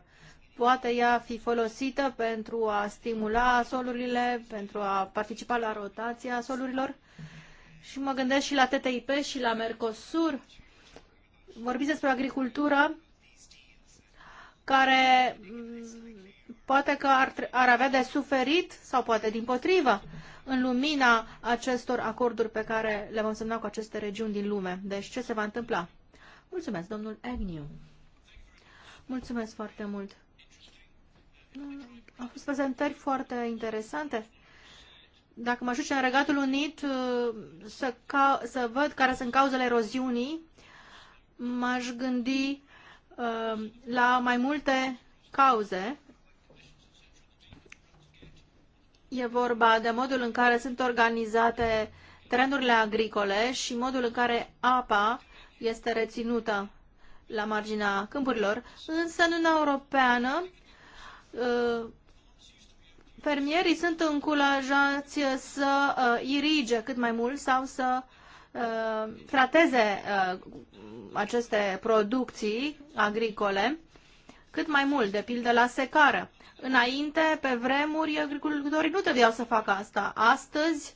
poate ea fi folosită pentru a stimula solurile, pentru a participa la rotația solurilor. Și mă gândesc și la TTIP și la Mercosur. Vorbiți despre agricultură care mm, poate că ar, ar avea de suferit sau poate din potrivă în lumina acestor acorduri pe care le vom semna cu aceste regiuni din lume. Deci ce se va întâmpla? Mulțumesc, domnul Agnew. Mulțumesc foarte mult. Au fost prezentări foarte interesante. Dacă mă ajut în Regatul Unit uh, să, ca, să văd care sunt cauzele eroziunii, m-aș gândi uh, la mai multe cauze. E vorba de modul în care sunt organizate terenurile agricole și modul în care apa este reținută la marginea câmpurilor. Însă, în Uniunea Europeană, Uh, fermierii sunt încurajați să uh, irige cât mai mult sau să uh, trateze aceste producții agricole cât mai mult, de pildă la secară. Înainte, pe vremuri, agricultorii nu trebuiau să facă asta. Astăzi,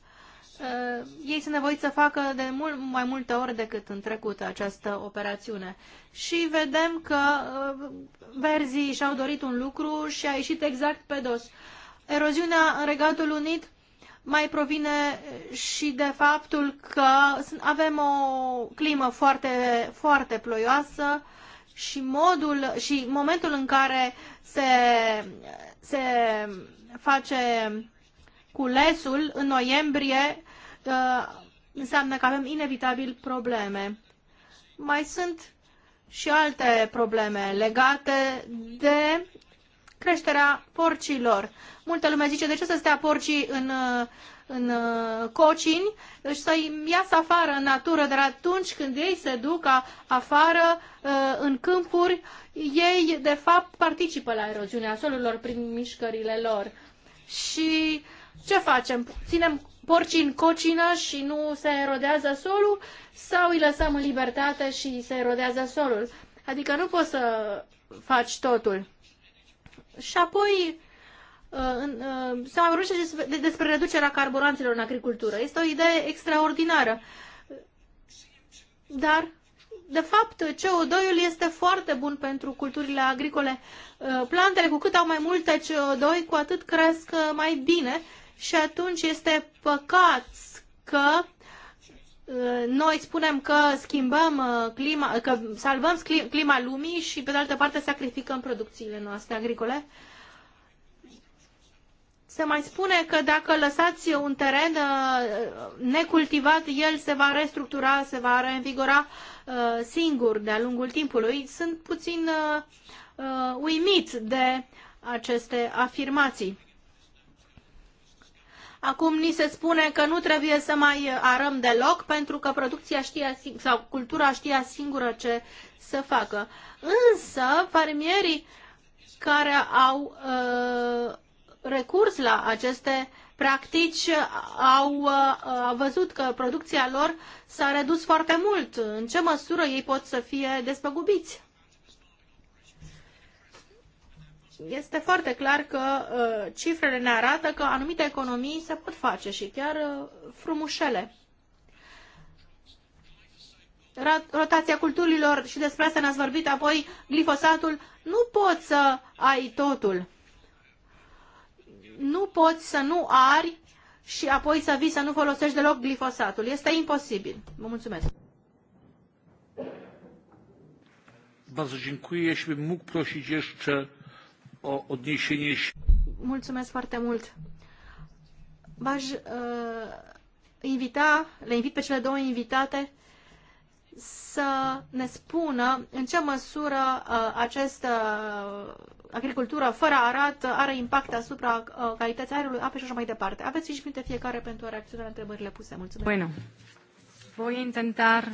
uh, ei sunt nevoiți să facă de mult mai multe ori decât în trecut această operațiune. Și vedem că uh, verzii și-au dorit un lucru și a ieșit exact pe dos. Eroziunea în Regatul Unit mai provine și de faptul că avem o climă foarte, foarte ploioasă și modul și momentul în care se, se face culesul în noiembrie uh, înseamnă că avem inevitabil probleme. Mai sunt și alte probleme legate de creșterea porcilor. Multă lume zice, de ce să stea porcii în, uh, în uh, cocini și deci să-i iasă afară în natură, dar atunci când ei se duc afară în câmpuri, ei de fapt participă la eroziunea solurilor prin mișcările lor. Și uh, ce facem? Ținem porcii în cocină și nu se erodează solul sau îi lăsăm în libertate și se erodează solul? Adică nu poți să faci totul. Și apoi uh, uh, s-a vorbit despre reducerea carburanților în agricultură. Este o idee extraordinară. Dar, de fapt, CO2-ul este foarte bun pentru culturile agricole. Uh, plantele, cu cât au mai multe CO2, cu atât cresc mai bine și atunci este păcat că uh, noi spunem că schimbăm uh, clima, că salvăm clima lumii și pe de altă parte sacrificăm producțiile noastre agricole. Se mai spune că dacă lăsați un teren uh, necultivat, el se va restructura, se va reînvigora singur de-a lungul timpului. Sunt puțin uimit de aceste afirmații. Acum ni se spune că nu trebuie să mai arăm deloc pentru că producția știa, sau cultura știa singură ce să facă. Însă, fermierii care au uh, recurs la aceste practici au, uh, au văzut că producția lor s-a redus foarte mult. În ce măsură ei pot să fie despăgubiți? este foarte clar că uh, cifrele ne arată că anumite economii se pot face și chiar uh, frumușele. Rotația culturilor și despre asta ne-ați vorbit apoi, glifosatul, nu poți să ai totul. Nu poți să nu ari și apoi să vii să nu folosești deloc glifosatul. Este imposibil. Vă mulțumesc. Bardzo dziękuję. Jeśli mógł prosić jeszcze o odniesienie się... Mulțumesc foarte mult! V-aș uh, invita, le invit pe cele două invitate să ne spună în ce măsură uh, această uh, agricultură fără arat are impact asupra uh, calității aerului, apei și așa mai departe. Aveți 5 minute fiecare pentru a reacționa la întrebările puse. Mulțumesc! Bueno, voi intentar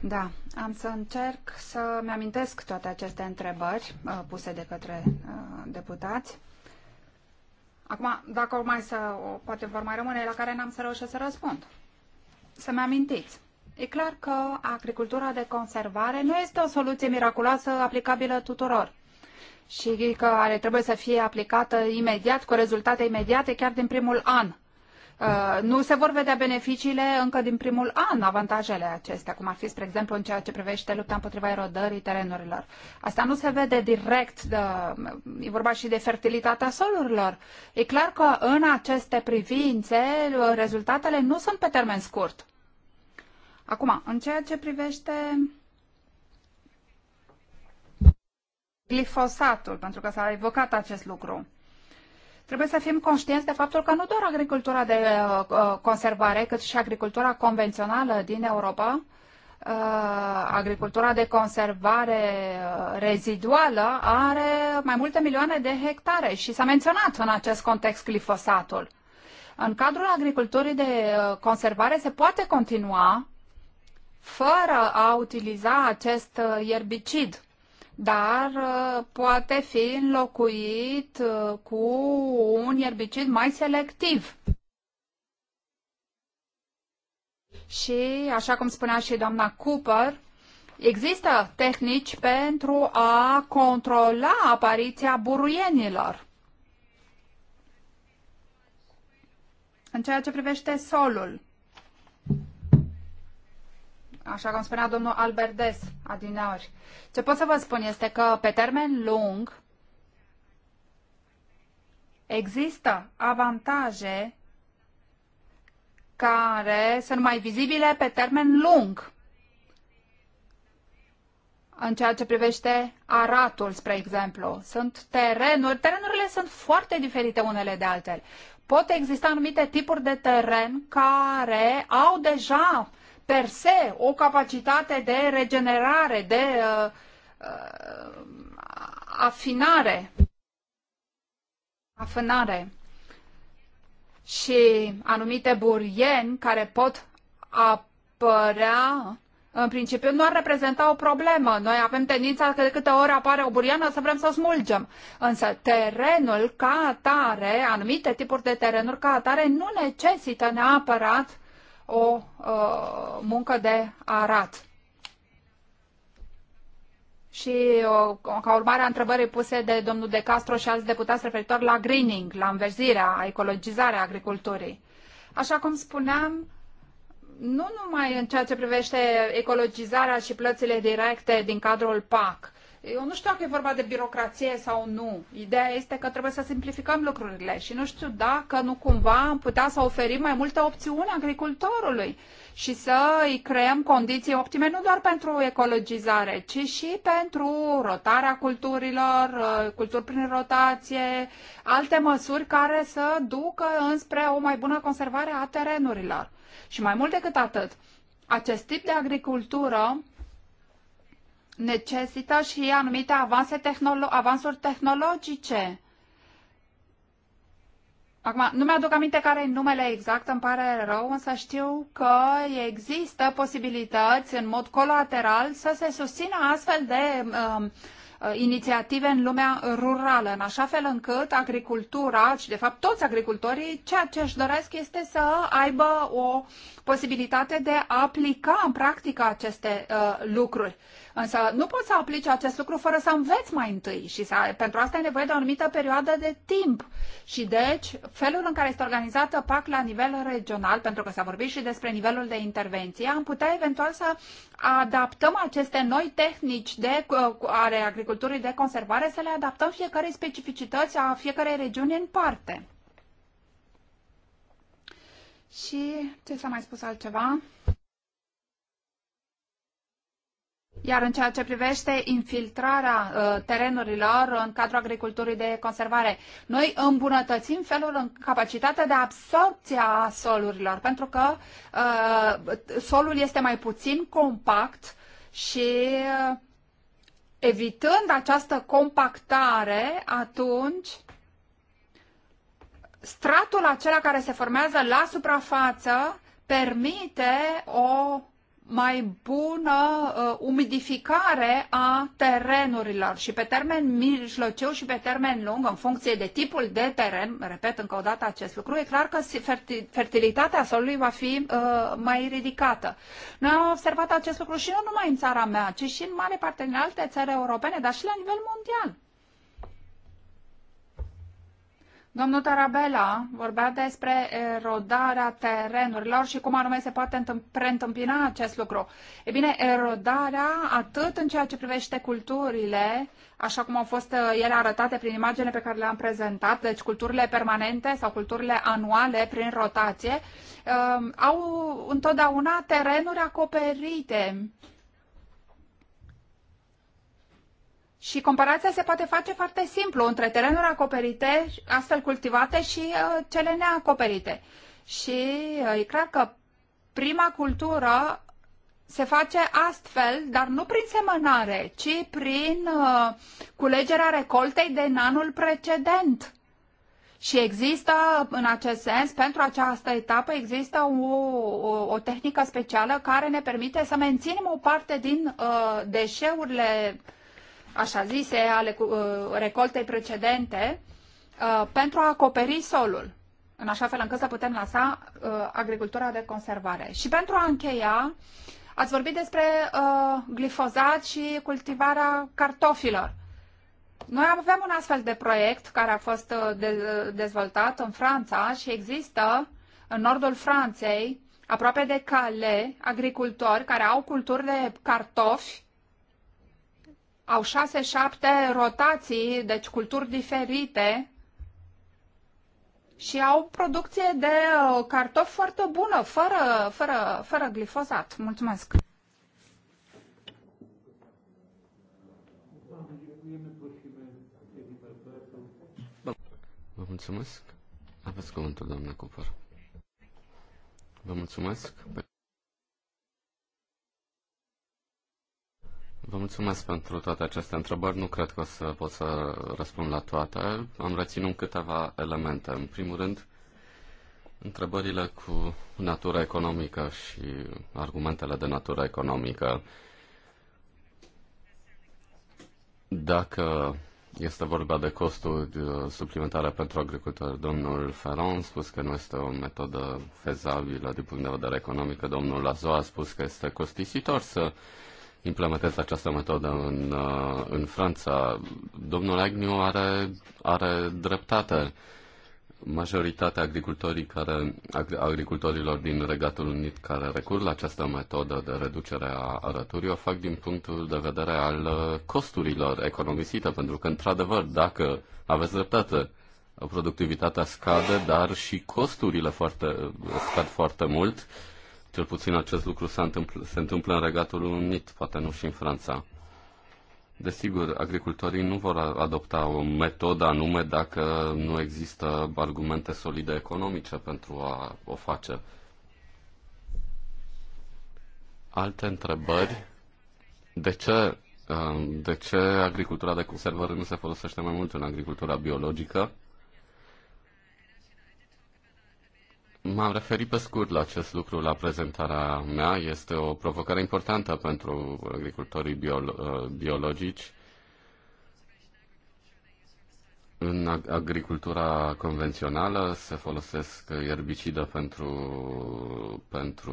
da, am să încerc să-mi amintesc toate aceste întrebări uh, puse de către uh, deputați. Acum, dacă mai să, poate vor mai rămâne la care n-am să reușesc să răspund. Să-mi amintiți. E clar că agricultura de conservare nu este o soluție miraculoasă aplicabilă tuturor și că are, trebuie să fie aplicată imediat, cu rezultate imediate, chiar din primul an. Uh, nu se vor vedea beneficiile încă din primul an, avantajele acestea, cum ar fi, spre exemplu, în ceea ce privește lupta împotriva erodării terenurilor. Asta nu se vede direct, de, e vorba și de fertilitatea solurilor. E clar că în aceste privințe uh, rezultatele nu sunt pe termen scurt. Acum, în ceea ce privește glifosatul, pentru că s-a evocat acest lucru. Trebuie să fim conștienți de faptul că nu doar agricultura de uh, uh, conservare, cât și agricultura convențională din Europa, uh, agricultura de conservare reziduală are mai multe milioane de hectare și s-a menționat în acest context glifosatul. În cadrul agriculturii de conservare se poate continua fără a utiliza acest ierbicid dar uh, poate fi înlocuit uh, cu un erbicid mai selectiv. Și, așa cum spunea și doamna Cooper, există tehnici pentru a controla apariția buruienilor. În ceea ce privește solul, așa cum spunea domnul Alberdes adinaori. Ce pot să vă spun este că pe termen lung există avantaje care sunt mai vizibile pe termen lung în ceea ce privește aratul, spre exemplu. Sunt terenuri, terenurile sunt foarte diferite unele de altele. Pot exista anumite tipuri de teren care au deja per se o capacitate de regenerare, de uh, uh, afinare. Afinare. Și anumite burieni care pot apărea în principiu nu ar reprezenta o problemă. Noi avem tendința că de câte ori apare o buriană să vrem să o smulgem. Însă terenul ca atare, anumite tipuri de terenuri ca atare, nu necesită neapărat o uh, muncă de arat. Și ca urmare a întrebării puse de domnul De Castro și alți deputați referitor la greening, la înverzirea, ecologizarea agriculturii. Așa cum spuneam, nu numai în ceea ce privește ecologizarea și plățile directe din cadrul PAC, eu nu știu dacă e vorba de birocrație sau nu. Ideea este că trebuie să simplificăm lucrurile și nu știu dacă nu cumva am putea să oferim mai multe opțiuni agricultorului și să îi creăm condiții optime nu doar pentru ecologizare, ci și pentru rotarea culturilor, uh, culturi prin rotație, alte măsuri care să ducă înspre o mai bună conservare a terenurilor. Și mai mult decât atât, acest tip de agricultură necesită și anumite avanse tehnolo- avansuri tehnologice. Acum, nu mi-aduc aminte care e numele exact, îmi pare rău, însă știu că există posibilități în mod colateral să se susțină astfel de um, inițiative în lumea rurală, în așa fel încât agricultura și, de fapt, toți agricultorii, ceea ce își doresc este să aibă o posibilitate de a aplica în practică aceste uh, lucruri. Însă nu poți să aplici acest lucru fără să înveți mai întâi și să, pentru asta e nevoie de o anumită perioadă de timp. Și deci, felul în care este organizată PAC la nivel regional, pentru că s-a vorbit și despre nivelul de intervenție, am putea eventual să adaptăm aceste noi tehnici de, ale agriculturii de conservare, să le adaptăm fiecarei specificități a fiecarei regiuni în parte. Și ce s-a mai spus altceva? Iar în ceea ce privește infiltrarea uh, terenurilor în cadrul agriculturii de conservare, noi îmbunătățim felul în capacitatea de absorpție a solurilor, pentru că uh, solul este mai puțin compact și uh, evitând această compactare, atunci stratul acela care se formează la suprafață permite o mai bună uh, umidificare a terenurilor și pe termen mijlociu și pe termen lung, în funcție de tipul de teren, repet încă o dată acest lucru, e clar că fertilitatea solului va fi uh, mai ridicată. Noi am observat acest lucru și nu numai în țara mea, ci și în mare parte din alte țări europene, dar și la nivel mondial. Domnul Tarabella vorbea despre erodarea terenurilor și cum anume se poate preîntâmpina acest lucru. E bine, erodarea atât în ceea ce privește culturile, așa cum au fost uh, ele arătate prin imaginele pe care le-am prezentat, deci culturile permanente sau culturile anuale prin rotație, uh, au întotdeauna terenuri acoperite Și comparația se poate face foarte simplu între terenuri acoperite, astfel cultivate și uh, cele neacoperite. Și uh, e clar că prima cultură se face astfel, dar nu prin semănare, ci prin uh, culegerea recoltei în anul precedent. Și există, în acest sens, pentru această etapă, există o, o, o tehnică specială care ne permite să menținem o parte din uh, deșeurile uh, așa zise, ale uh, recoltei precedente, uh, pentru a acoperi solul, în așa fel încât să putem lansa uh, agricultura de conservare. Și pentru a încheia, ați vorbit despre glifozat și cultivarea cartofilor. Noi avem un astfel de proiect care a fost dezvoltat în Franța și există în nordul Franței, aproape de Calais, agricultori care au culturi de cartofi au șase-șapte rotații, deci culturi diferite și au producție de uh, cartofi foarte bună, fără, fără, fără glifosat. Mulțumesc! Vă mulțumesc. Aveți cuvântul, doamna Cupăr. Vă mulțumesc. Vă mulțumesc pentru toate aceste întrebări. Nu cred că o să pot să răspund la toate. Am reținut câteva elemente. În primul rând, întrebările cu natura economică și argumentele de natură economică. Dacă este vorba de costuri suplimentare pentru agricultori, domnul Ferron a spus că nu este o metodă fezabilă din punct de vedere economic, domnul Lazo a spus că este costisitor să implementeze această metodă în, uh, în Franța. Domnul Agnew are, are dreptate. Majoritatea agricultorii care, agricultorilor din Regatul Unit care recur la această metodă de reducere a arăturii o fac din punctul de vedere al uh, costurilor economisite, pentru că, într-adevăr, dacă aveți dreptate, productivitatea scade, dar și costurile foarte, scad foarte mult cel puțin acest lucru se întâmplă, se întâmplă în Regatul Unit, poate nu și în Franța. Desigur, agricultorii nu vor adopta o metodă anume dacă nu există argumente solide economice pentru a o face. Alte întrebări? De ce, uh, de ce agricultura de conservare nu se folosește mai mult în agricultura biologică? M-am referit pe scurt la acest lucru la prezentarea mea. Este o provocare importantă pentru agricultorii bio- uh, biologici. În agricultura convențională se folosesc erbicidă pentru, pentru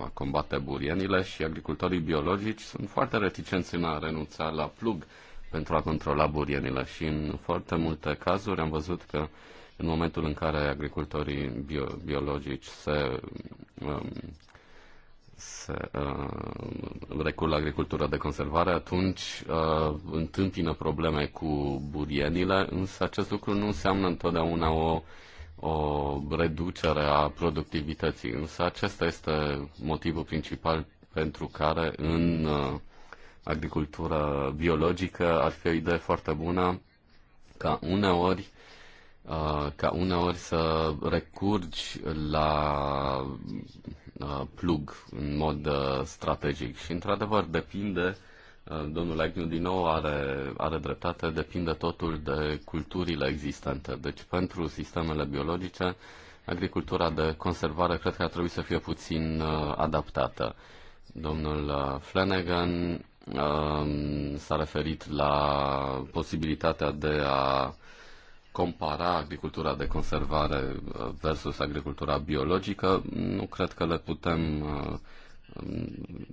a combate burienile și agricultorii biologici sunt foarte reticenți în a renunța la plug pentru a controla burienile și în foarte multe cazuri am văzut că uh, în momentul în care agricultorii bio, biologici se, um, se uh, recurg la agricultura de conservare, atunci uh, întâmpină probleme cu burienile, însă acest lucru nu înseamnă întotdeauna o o reducere a productivității. Însă acesta este motivul principal pentru care în uh, agricultura biologică ar fi o idee foarte bună ca uneori Uh, ca uneori să recurgi la uh, plug în mod uh, strategic și într-adevăr depinde Domnul Agnew din nou are, are dreptate, depinde totul de culturile existente. Deci pentru sistemele biologice, agricultura de conservare cred că ar trebui să fie puțin adaptată. Domnul Flanagan um, s-a referit la posibilitatea de a compara agricultura de conservare uh, versus agricultura biologică, nu cred că le putem uh,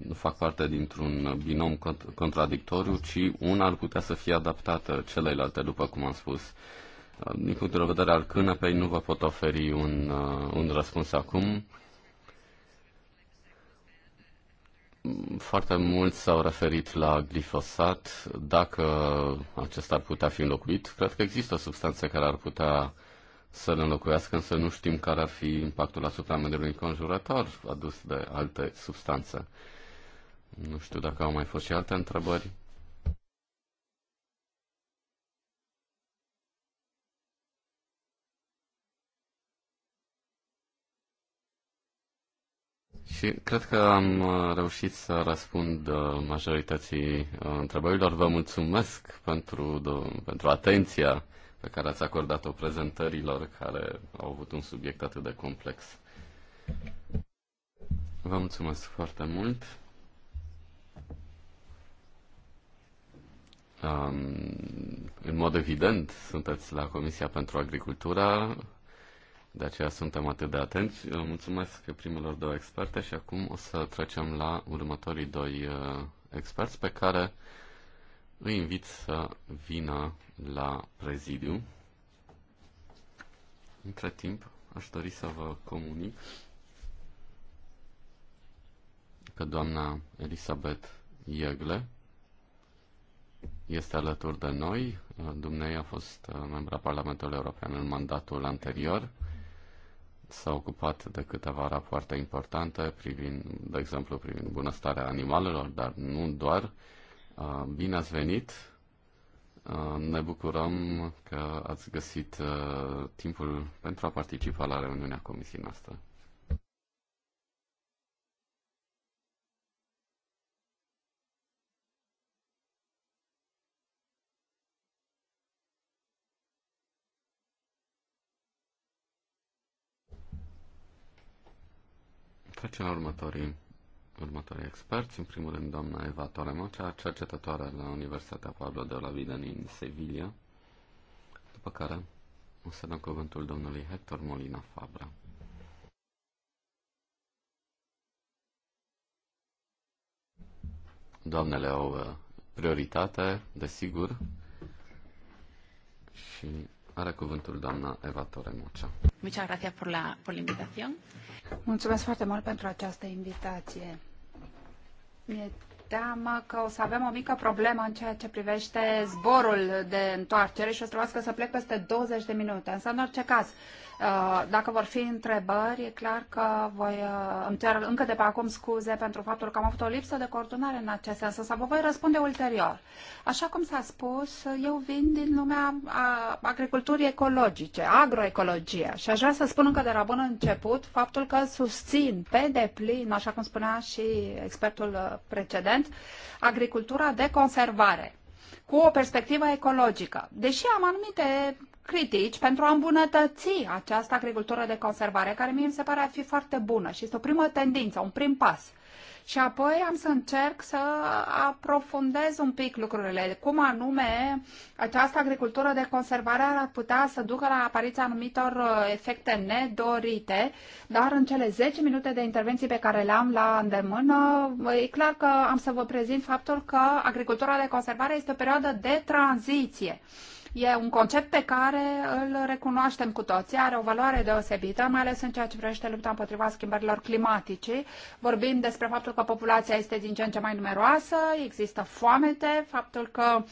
nu fac parte dintr-un binom contradictoriu, ci una ar putea să fie adaptată celelalte, după cum am spus. Uh, din punctul de vedere al cânepei, nu vă pot oferi un, un răspuns acum. Foarte mulți s-au referit la glifosat, dacă acesta ar putea fi înlocuit. Cred că există substanțe care ar putea să le înlocuiască, însă nu știm care ar fi impactul asupra mediului înconjurător adus de alte substanțe. Nu știu dacă au mai fost și alte întrebări. Și cred că am uh, reușit să răspund uh, majorității uh, întrebărilor. Vă mulțumesc pentru, pentru atenția pe care ați acordat-o prezentărilor care au avut un subiect atât de complex. Vă mulțumesc foarte mult. Um, în mod evident, sunteți la Comisia pentru Agricultura de aceea suntem atât de atenți. mulțumesc primelor două experte și acum o să trecem la următorii doi uh, experți pe care îi invit să vină la prezidiu. Între timp, aș dori să vă comunic că doamna Elisabeth Iegle este alături de noi. Dumnezeu a fost uh, membra Parlamentului European în mandatul anterior s-a ocupat de câteva rapoarte importante, privind, de exemplu, privind bunăstarea animalelor, dar nu doar. Bine ați venit! Ne bucurăm că ați găsit timpul pentru a participa la reuniunea comisiei noastre. trece la următorii, următorii experți. În primul rând, doamna Eva Toremocea, cercetătoare la Universitatea Pablo de la Vida din Sevilla, după care o să dăm cuvântul domnului Hector Molina Fabra. Doamnele au uh, prioritate, desigur, și are cuvântul doamna Eva Toremocea. Muchas gracias por la, por la invitación. Mulțumesc foarte mult pentru această invitație. Mi-e teamă că o să avem o mică problemă în ceea ce privește zborul de întoarcere și o să trebuiască să plec peste 20 de minute. Însă, în orice caz, Uh, dacă vor fi întrebări, e clar că voi, uh, îmi cer încă de pe acum scuze pentru faptul că am avut o lipsă de coordonare în acest sens, însă vă voi răspunde ulterior. Așa cum s-a spus, eu vin din lumea agriculturii ecologice, agroecologie și aș vrea să spun încă de la bun început faptul că susțin pe deplin, așa cum spunea și expertul uh, precedent, agricultura de conservare cu o perspectivă ecologică. Deși am anumite critici pentru a îmbunătăți această agricultură de conservare, care mie mi se pare a fi foarte bună și este o primă tendință, un prim pas. Și apoi am să încerc să aprofundez un pic lucrurile, cum anume această agricultură de conservare ar putea să ducă la apariția anumitor uh, efecte nedorite, dar în cele 10 minute de intervenții pe care le-am la îndemână, uh, e clar că am să vă prezint faptul că agricultura de conservare este o perioadă de tranziție. E un concept pe care îl recunoaștem cu toții, are o valoare deosebită, mai ales în ceea ce privește lupta împotriva schimbărilor climatice. Vorbim despre faptul că populația este din ce în ce mai numeroasă, există foamete, faptul că uh,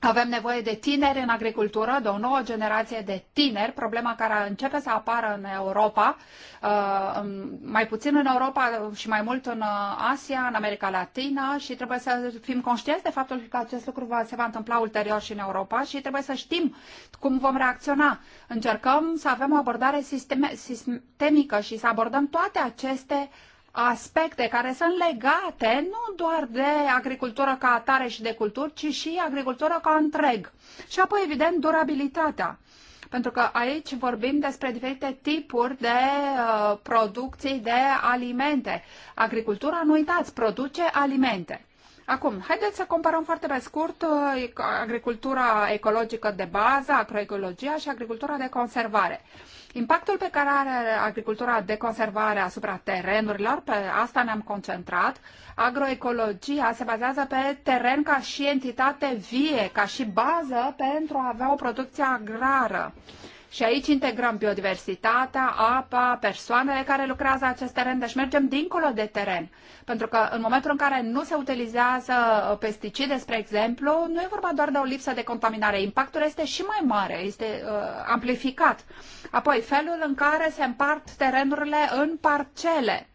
avem nevoie de tineri în agricultură, de o nouă generație de tineri, problema care începe să apară în Europa, uh, mai puțin în Europa și mai mult în uh, Asia, în America Latina și trebuie să fim conștienți de faptul că acest lucru se va întâmpla ulterior și în Europa și trebuie să știm cum vom reacționa. Încercăm să avem o abordare sistemică și să abordăm toate aceste aspecte care sunt legate nu doar de agricultură ca atare și de culturi, ci și agricultură ca întreg. Și apoi, evident, durabilitatea. Pentru că aici vorbim despre diferite tipuri de uh, producții de alimente. Agricultura, nu uitați, produce alimente. Acum, haideți să comparăm foarte pe scurt uh, agricultura ecologică de bază, agroecologia și agricultura de conservare. Impactul pe care are agricultura de conservare asupra terenurilor, pe asta ne-am concentrat. Agroecologia se bazează pe teren ca și entitate vie, ca și bază pentru a avea o producție agrară. Uh, și aici integrăm biodiversitatea, apa, persoanele care lucrează acest teren, deci mergem dincolo de teren. Pentru că în momentul în care nu se utilizează pesticide, spre exemplu, nu e vorba doar de o lipsă de contaminare, impactul este și mai mare, este uh, amplificat. Apoi, felul în care se împart terenurile în parcele.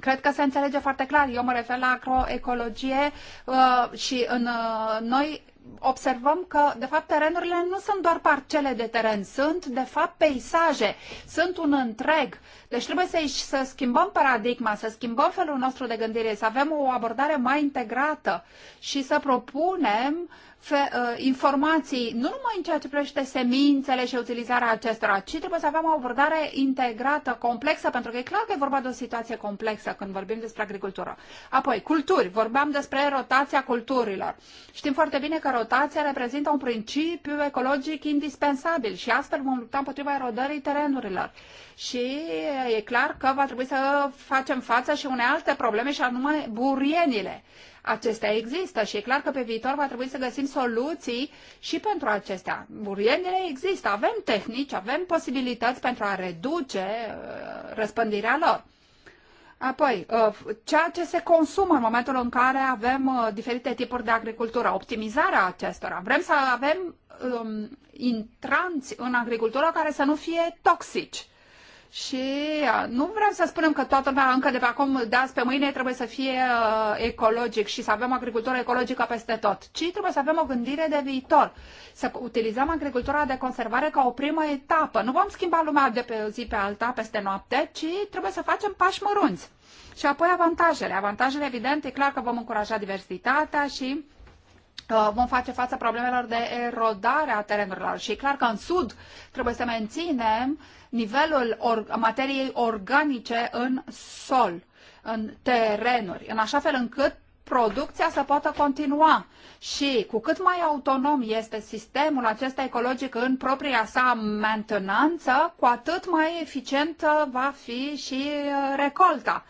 Cred că se înțelege foarte clar. Eu mă refer la agroecologie uh, și în, uh, noi observăm că, de fapt, terenurile nu sunt doar parcele de teren, sunt, de fapt, peisaje, sunt un întreg. Deci trebuie să, să schimbăm paradigma, să schimbăm felul nostru de gândire, să avem o abordare mai integrată și să propunem Uh, informații, nu numai în ceea ce privește semințele și utilizarea acestora, ci trebuie să avem o abordare integrată, complexă, pentru că e clar că e vorba de o situație complexă când vorbim despre agricultură. Apoi, culturi. Vorbeam despre rotația culturilor. Știm foarte bine că rotația reprezintă un principiu ecologic indispensabil și astfel vom lupta împotriva erodării terenurilor. Și e clar că va trebui să facem față și unei alte probleme și anume burienile acestea există și e clar că pe viitor va trebui să găsim soluții și pentru acestea. Buruienile există, avem tehnici, avem posibilități pentru a reduce uh, răspândirea lor. Apoi, uh, ceea ce se consumă în momentul în care avem uh, diferite tipuri de agricultură, optimizarea acestora. Vrem să avem um, intranți în agricultură care să nu fie toxici și uh, nu vrem să spunem că toată lumea încă de pe acum, de azi pe mâine, trebuie să fie uh, ecologic și să avem agricultură ecologică peste tot, ci trebuie să avem o gândire de viitor, să utilizăm agricultura de conservare ca o primă etapă. Nu vom schimba lumea de pe zi pe alta, peste noapte, ci trebuie să facem pași mărunți. Și apoi avantajele. Avantajele, evident, e clar că vom încuraja diversitatea și Uh, vom face față problemelor de erodare a terenurilor. Și e clar că în sud trebuie să menținem nivelul or- materiei organice în sol, în terenuri, în așa fel încât producția să poată continua. Și cu cât mai autonom este sistemul acesta ecologic în propria sa mentenanță, cu atât mai eficientă uh, va fi și uh, recolta.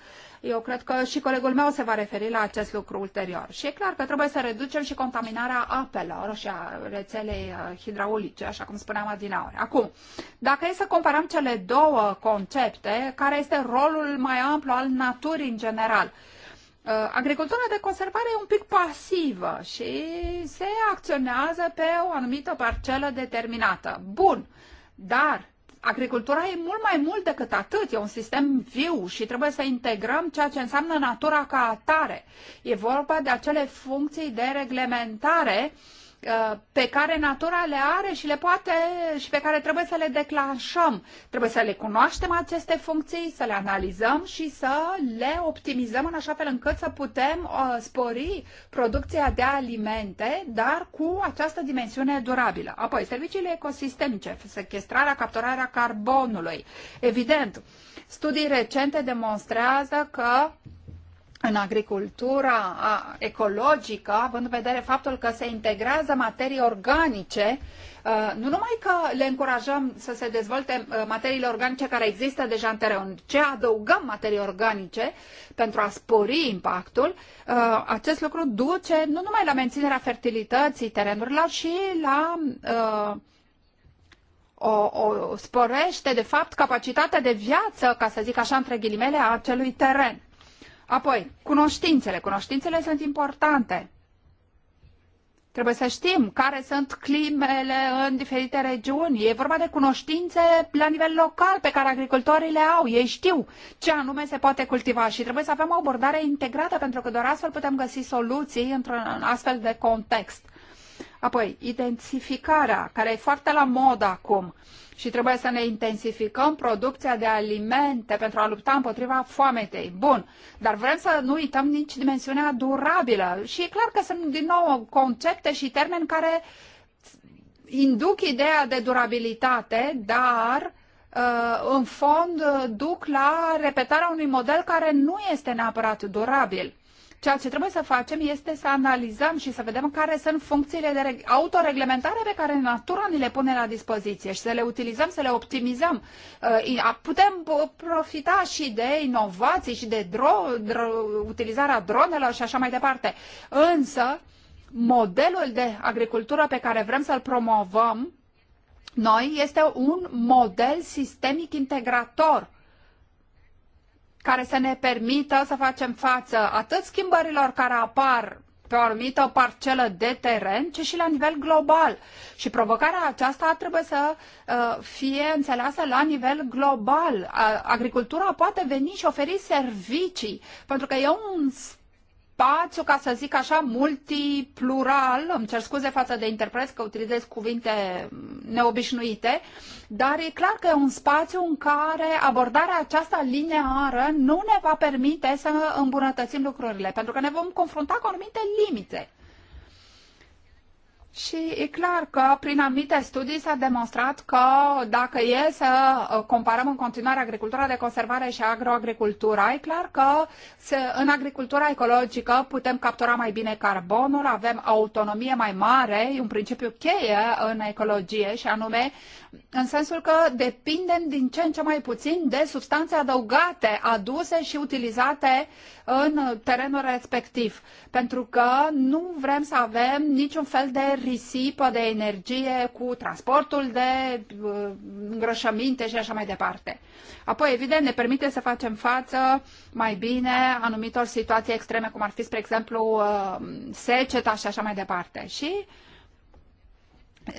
Eu cred că și colegul meu se va referi la acest lucru ulterior. Și e clar că trebuie să reducem și contaminarea apelor și a rețelei uh, hidraulice, așa cum spuneam adinaori. Acum, dacă e să comparăm cele două concepte, care este rolul mai amplu al naturii în general? Uh, agricultura de conservare e un pic pasivă și se acționează pe o anumită parcelă determinată. Bun, dar agricultura e mult mai mult decât atât, e un sistem viu și trebuie să integrăm ceea ce înseamnă natura ca atare. E vorba de acele funcții de reglementare uh, Uh, pe care natura le are și le poate și pe care trebuie să le declanșăm. Trebuie să le cunoaștem aceste funcții, să le analizăm și să le optimizăm în așa fel încât să putem uh, spori producția de alimente, dar cu această dimensiune durabilă. Apoi, serviciile ecosistemice, sequestrarea, capturarea carbonului. Evident, studii recente demonstrează că în agricultura ecologică, având în vedere faptul că se integrează materii organice, uh, nu numai că le încurajăm să se dezvolte uh, materiile organice care există deja în teren, ce adăugăm materii organice pentru a spori impactul, uh, acest lucru duce nu numai la menținerea fertilității terenurilor, și la o, o sporește, de fapt, capacitatea de viață, ca să zic așa, între ghilimele, a acelui teren. Apoi, cunoștințele. Cunoștințele sunt importante. Trebuie să știm care sunt climele în diferite regiuni. E vorba de cunoștințe la nivel local pe care agricultorii le au. Ei știu ce anume se poate cultiva și trebuie să avem o abordare integrată pentru că doar astfel putem găsi soluții într-un astfel de context. Apoi, identificarea, care e foarte la mod acum și trebuie să ne intensificăm producția de alimente pentru a lupta împotriva foametei. Bun, dar vrem să nu uităm nici dimensiunea durabilă. Și e clar că sunt din nou concepte și termeni care induc ideea de durabilitate, dar uh, în fond uh, duc la repetarea unui model care nu este neapărat durabil. Ceea ce trebuie să facem este să analizăm și să vedem care sunt funcțiile de autoreglementare pe care natura ni le pune la dispoziție și să le utilizăm, să le optimizăm. Uh, putem profita și de inovații și de dro- dro- utilizarea dronelor și așa mai departe. Însă, modelul de agricultură pe care vrem să-l promovăm noi este un model sistemic integrator care să ne permită să facem față atât schimbărilor care apar pe o anumită parcelă de teren, ci și la nivel global. Și provocarea aceasta trebuie să uh, fie înțeleasă la nivel global. Agricultura poate veni și oferi servicii, pentru că e un spațiu, ca să zic așa, multiplural, îmi cer scuze față de interpret că utilizez cuvinte neobișnuite, dar e clar că e un spațiu în care abordarea aceasta lineară nu ne va permite să îmbunătățim lucrurile, pentru că ne vom confrunta cu anumite limite. Și e clar că prin anumite studii s-a demonstrat că dacă e să uh, comparăm în continuare agricultura de conservare și agroagricultura, e clar că se, în agricultura ecologică putem captura mai bine carbonul, avem autonomie mai mare, e un principiu cheie în ecologie și anume în sensul că depindem din ce în ce mai puțin de substanțe adăugate aduse și utilizate în terenul respectiv pentru că nu vrem să avem niciun fel de risipă de energie cu transportul de uh, îngrășăminte și așa mai departe. Apoi, evident, ne permite să facem față mai bine anumitor situații extreme, cum ar fi, spre exemplu, uh, seceta și așa mai departe. Și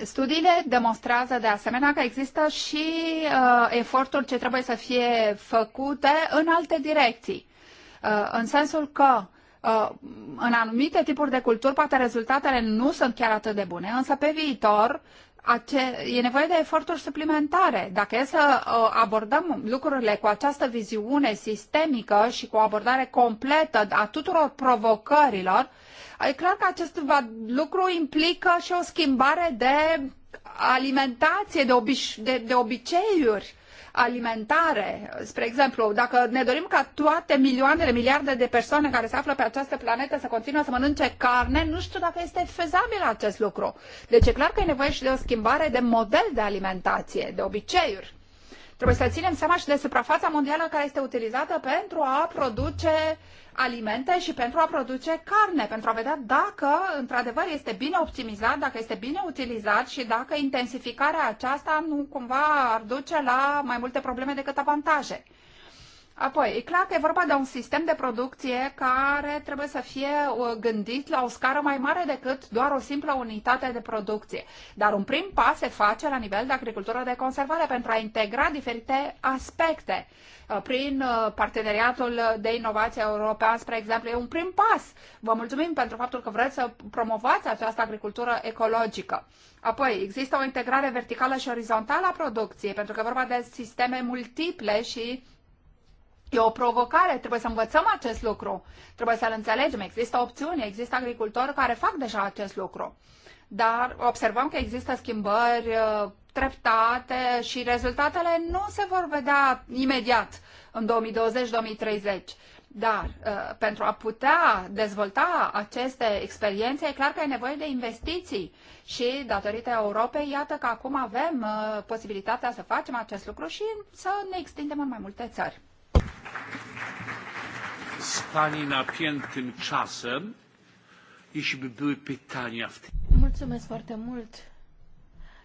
Studiile demonstrează de asemenea că există și uh, eforturi ce trebuie să fie făcute în alte direcții. Uh, în sensul că Uh, în anumite tipuri de culturi poate rezultatele nu sunt chiar atât de bune, însă pe viitor ace- e nevoie de eforturi suplimentare. Dacă e să uh, abordăm lucrurile cu această viziune sistemică și cu o abordare completă a tuturor provocărilor, uh, e clar că acest lucru implică și o schimbare de alimentație, de, obi- de, de obiceiuri alimentare. Spre exemplu, dacă ne dorim ca toate milioanele, miliarde de persoane care se află pe această planetă să continue să mănânce carne, nu știu dacă este fezabil acest lucru. Deci e clar că e nevoie și de o schimbare de model de alimentație, de obiceiuri. Trebuie să ținem seama și de suprafața mondială care este utilizată pentru a produce alimente și pentru a produce carne, pentru a vedea dacă, într-adevăr, este bine optimizat, dacă este bine utilizat și dacă intensificarea aceasta nu cumva ar duce la mai multe probleme decât avantaje. Apoi, e clar că e vorba de un sistem de producție care trebuie să fie uh, gândit la o scară mai mare decât doar o simplă unitate de producție. Dar un prim pas se face la nivel de agricultură de conservare pentru a integra diferite aspecte. Uh, prin uh, parteneriatul de inovație european, spre exemplu, e un prim pas. Vă mulțumim pentru faptul că vreți să promovați această agricultură ecologică. Apoi, există o integrare verticală și orizontală a producției, pentru că e vorba de sisteme multiple și E o provocare, trebuie să învățăm acest lucru, trebuie să-l înțelegem. Există opțiuni, există agricultori care fac deja acest lucru. Dar observăm că există schimbări uh, treptate și rezultatele nu se vor vedea imediat în 2020-2030. Dar uh, pentru a putea dezvolta aceste experiențe, e clar că e nevoie de investiții. Și datorită Europei, iată că acum avem uh, posibilitatea să facem acest lucru și să ne extindem în mai multe țări z Pani napiętym czasem, jeśli by były pytania w tym. Mulțumesc foarte mult.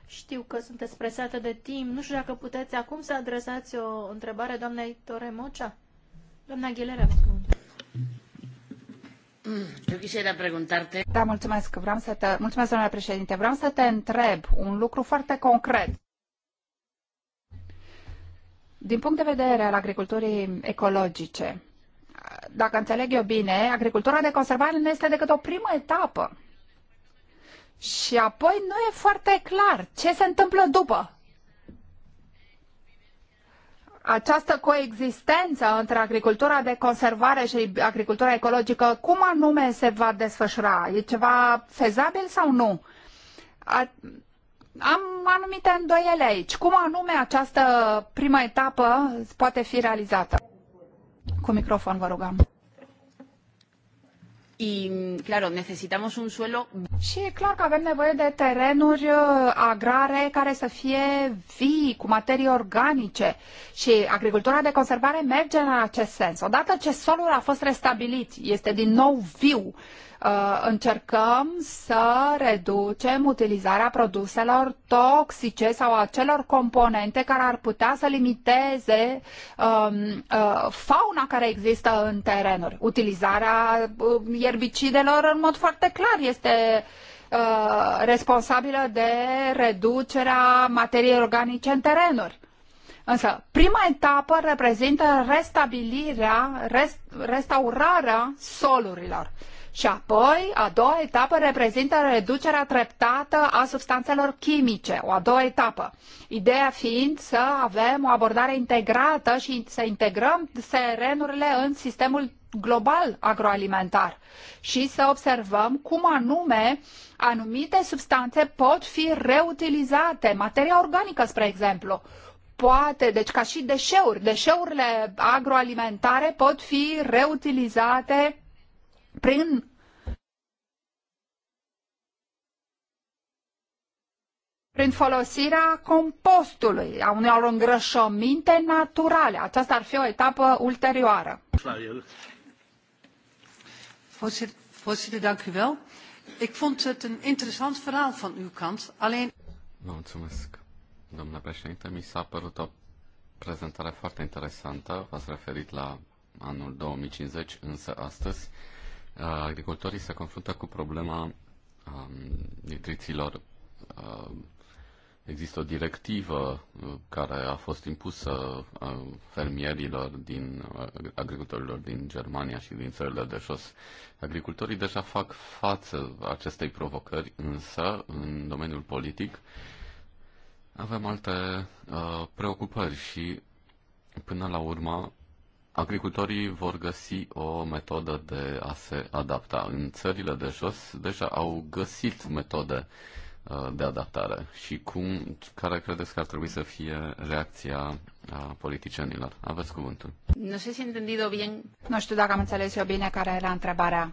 Știu că sunteți presată de timp. Nu știu dacă puteți acum să adresați o întrebare doamnei Toremocea. Doamna Aguilera, mm, eu quisiera preguntarte... Da, mulțumesc. Vreau să te... Mulțumesc, domnule președinte. Vreau să te întreb un lucru foarte concret. Din punct de vedere al agriculturii ecologice, dacă înțeleg eu bine, agricultura de conservare nu este decât o primă etapă. Și apoi nu e foarte clar ce se întâmplă după. Această coexistență între agricultura de conservare și agricultura ecologică, cum anume se va desfășura? E ceva fezabil sau nu? am anumite îndoiele aici. Cum anume această prima etapă poate fi realizată? Cu microfon, vă rugăm. Y claro, necesitamos un suelo. Și e clar că avem nevoie de terenuri uh, agrare care să fie vii, cu materii organice. Și agricultura de conservare merge în acest sens. Odată ce solul a fost restabilit, este din nou viu, Uh, încercăm să reducem utilizarea produselor toxice sau a celor componente care ar putea să limiteze um, uh, fauna care există în terenuri. Utilizarea uh, ierbicidelor în mod foarte clar este responsabilă de reducerea materiei organice în terenuri. Însă, prima etapă reprezintă restabilirea, rest, restaurarea solurilor. Uh, și apoi, a doua etapă reprezintă reducerea treptată a substanțelor chimice, o a doua etapă. Ideea fiind să avem o abordare integrată și să integrăm serenurile în sistemul global agroalimentar și să observăm cum anume anumite substanțe pot fi reutilizate, materia organică, spre exemplu, poate, deci ca și deșeuri, deșeurile agroalimentare pot fi reutilizate prin prin folosirea compostului, a unor îngrășăminte naturale. Aceasta ar fi o etapă ulterioară. Voorzitter, dank u wel. Ik vond het een interessant verhaal van uw kant. Alleen... Vă mulțumesc, domnule președinte. Mi s-a părut o prezentare foarte interesantă. V-ați referit la anul 2050, însă astăzi Uh, agricultorii se confruntă cu problema um, nitriților. Uh, există o directivă uh, care a fost impusă fermierilor din agricultorilor din Germania și din țările de jos. Agricultorii deja fac față acestei provocări, însă în domeniul politic avem alte uh, preocupări și până la urmă agricultorii vor găsi o metodă de a se adapta. În țările de jos deja au găsit metode uh, de adaptare și cum, care credeți că ar trebui să fie reacția a politicienilor? Aveți cuvântul. Nu știu si entendido bien. Nu știu dacă am înțeles eu bine care era întrebarea.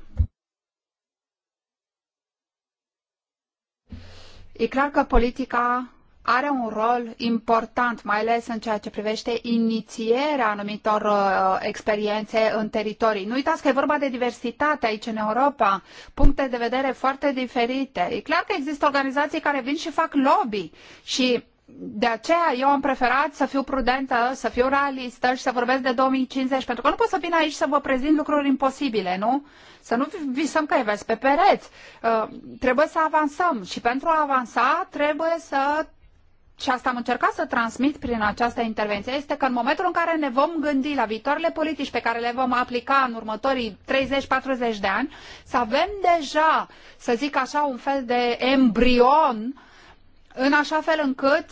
E clar că politica are un rol important, mai ales în ceea ce privește inițierea anumitor uh, experiențe în teritorii. Nu uitați că e vorba de diversitate aici în Europa, puncte de vedere foarte diferite. E clar că există organizații care vin și fac lobby și de aceea eu am preferat să fiu prudentă, să fiu realistă și să vorbesc de 2050, pentru că nu pot să vin aici să vă prezint lucruri imposibile, nu? Să nu visăm că e vezi pe pereți. Uh, trebuie să avansăm și pentru a avansa trebuie să și asta am încercat să transmit prin această intervenție, este că în momentul în care ne vom gândi la viitoarele politici pe care le vom aplica în următorii 30-40 de ani, să avem deja, să zic așa, un fel de embrion în așa fel încât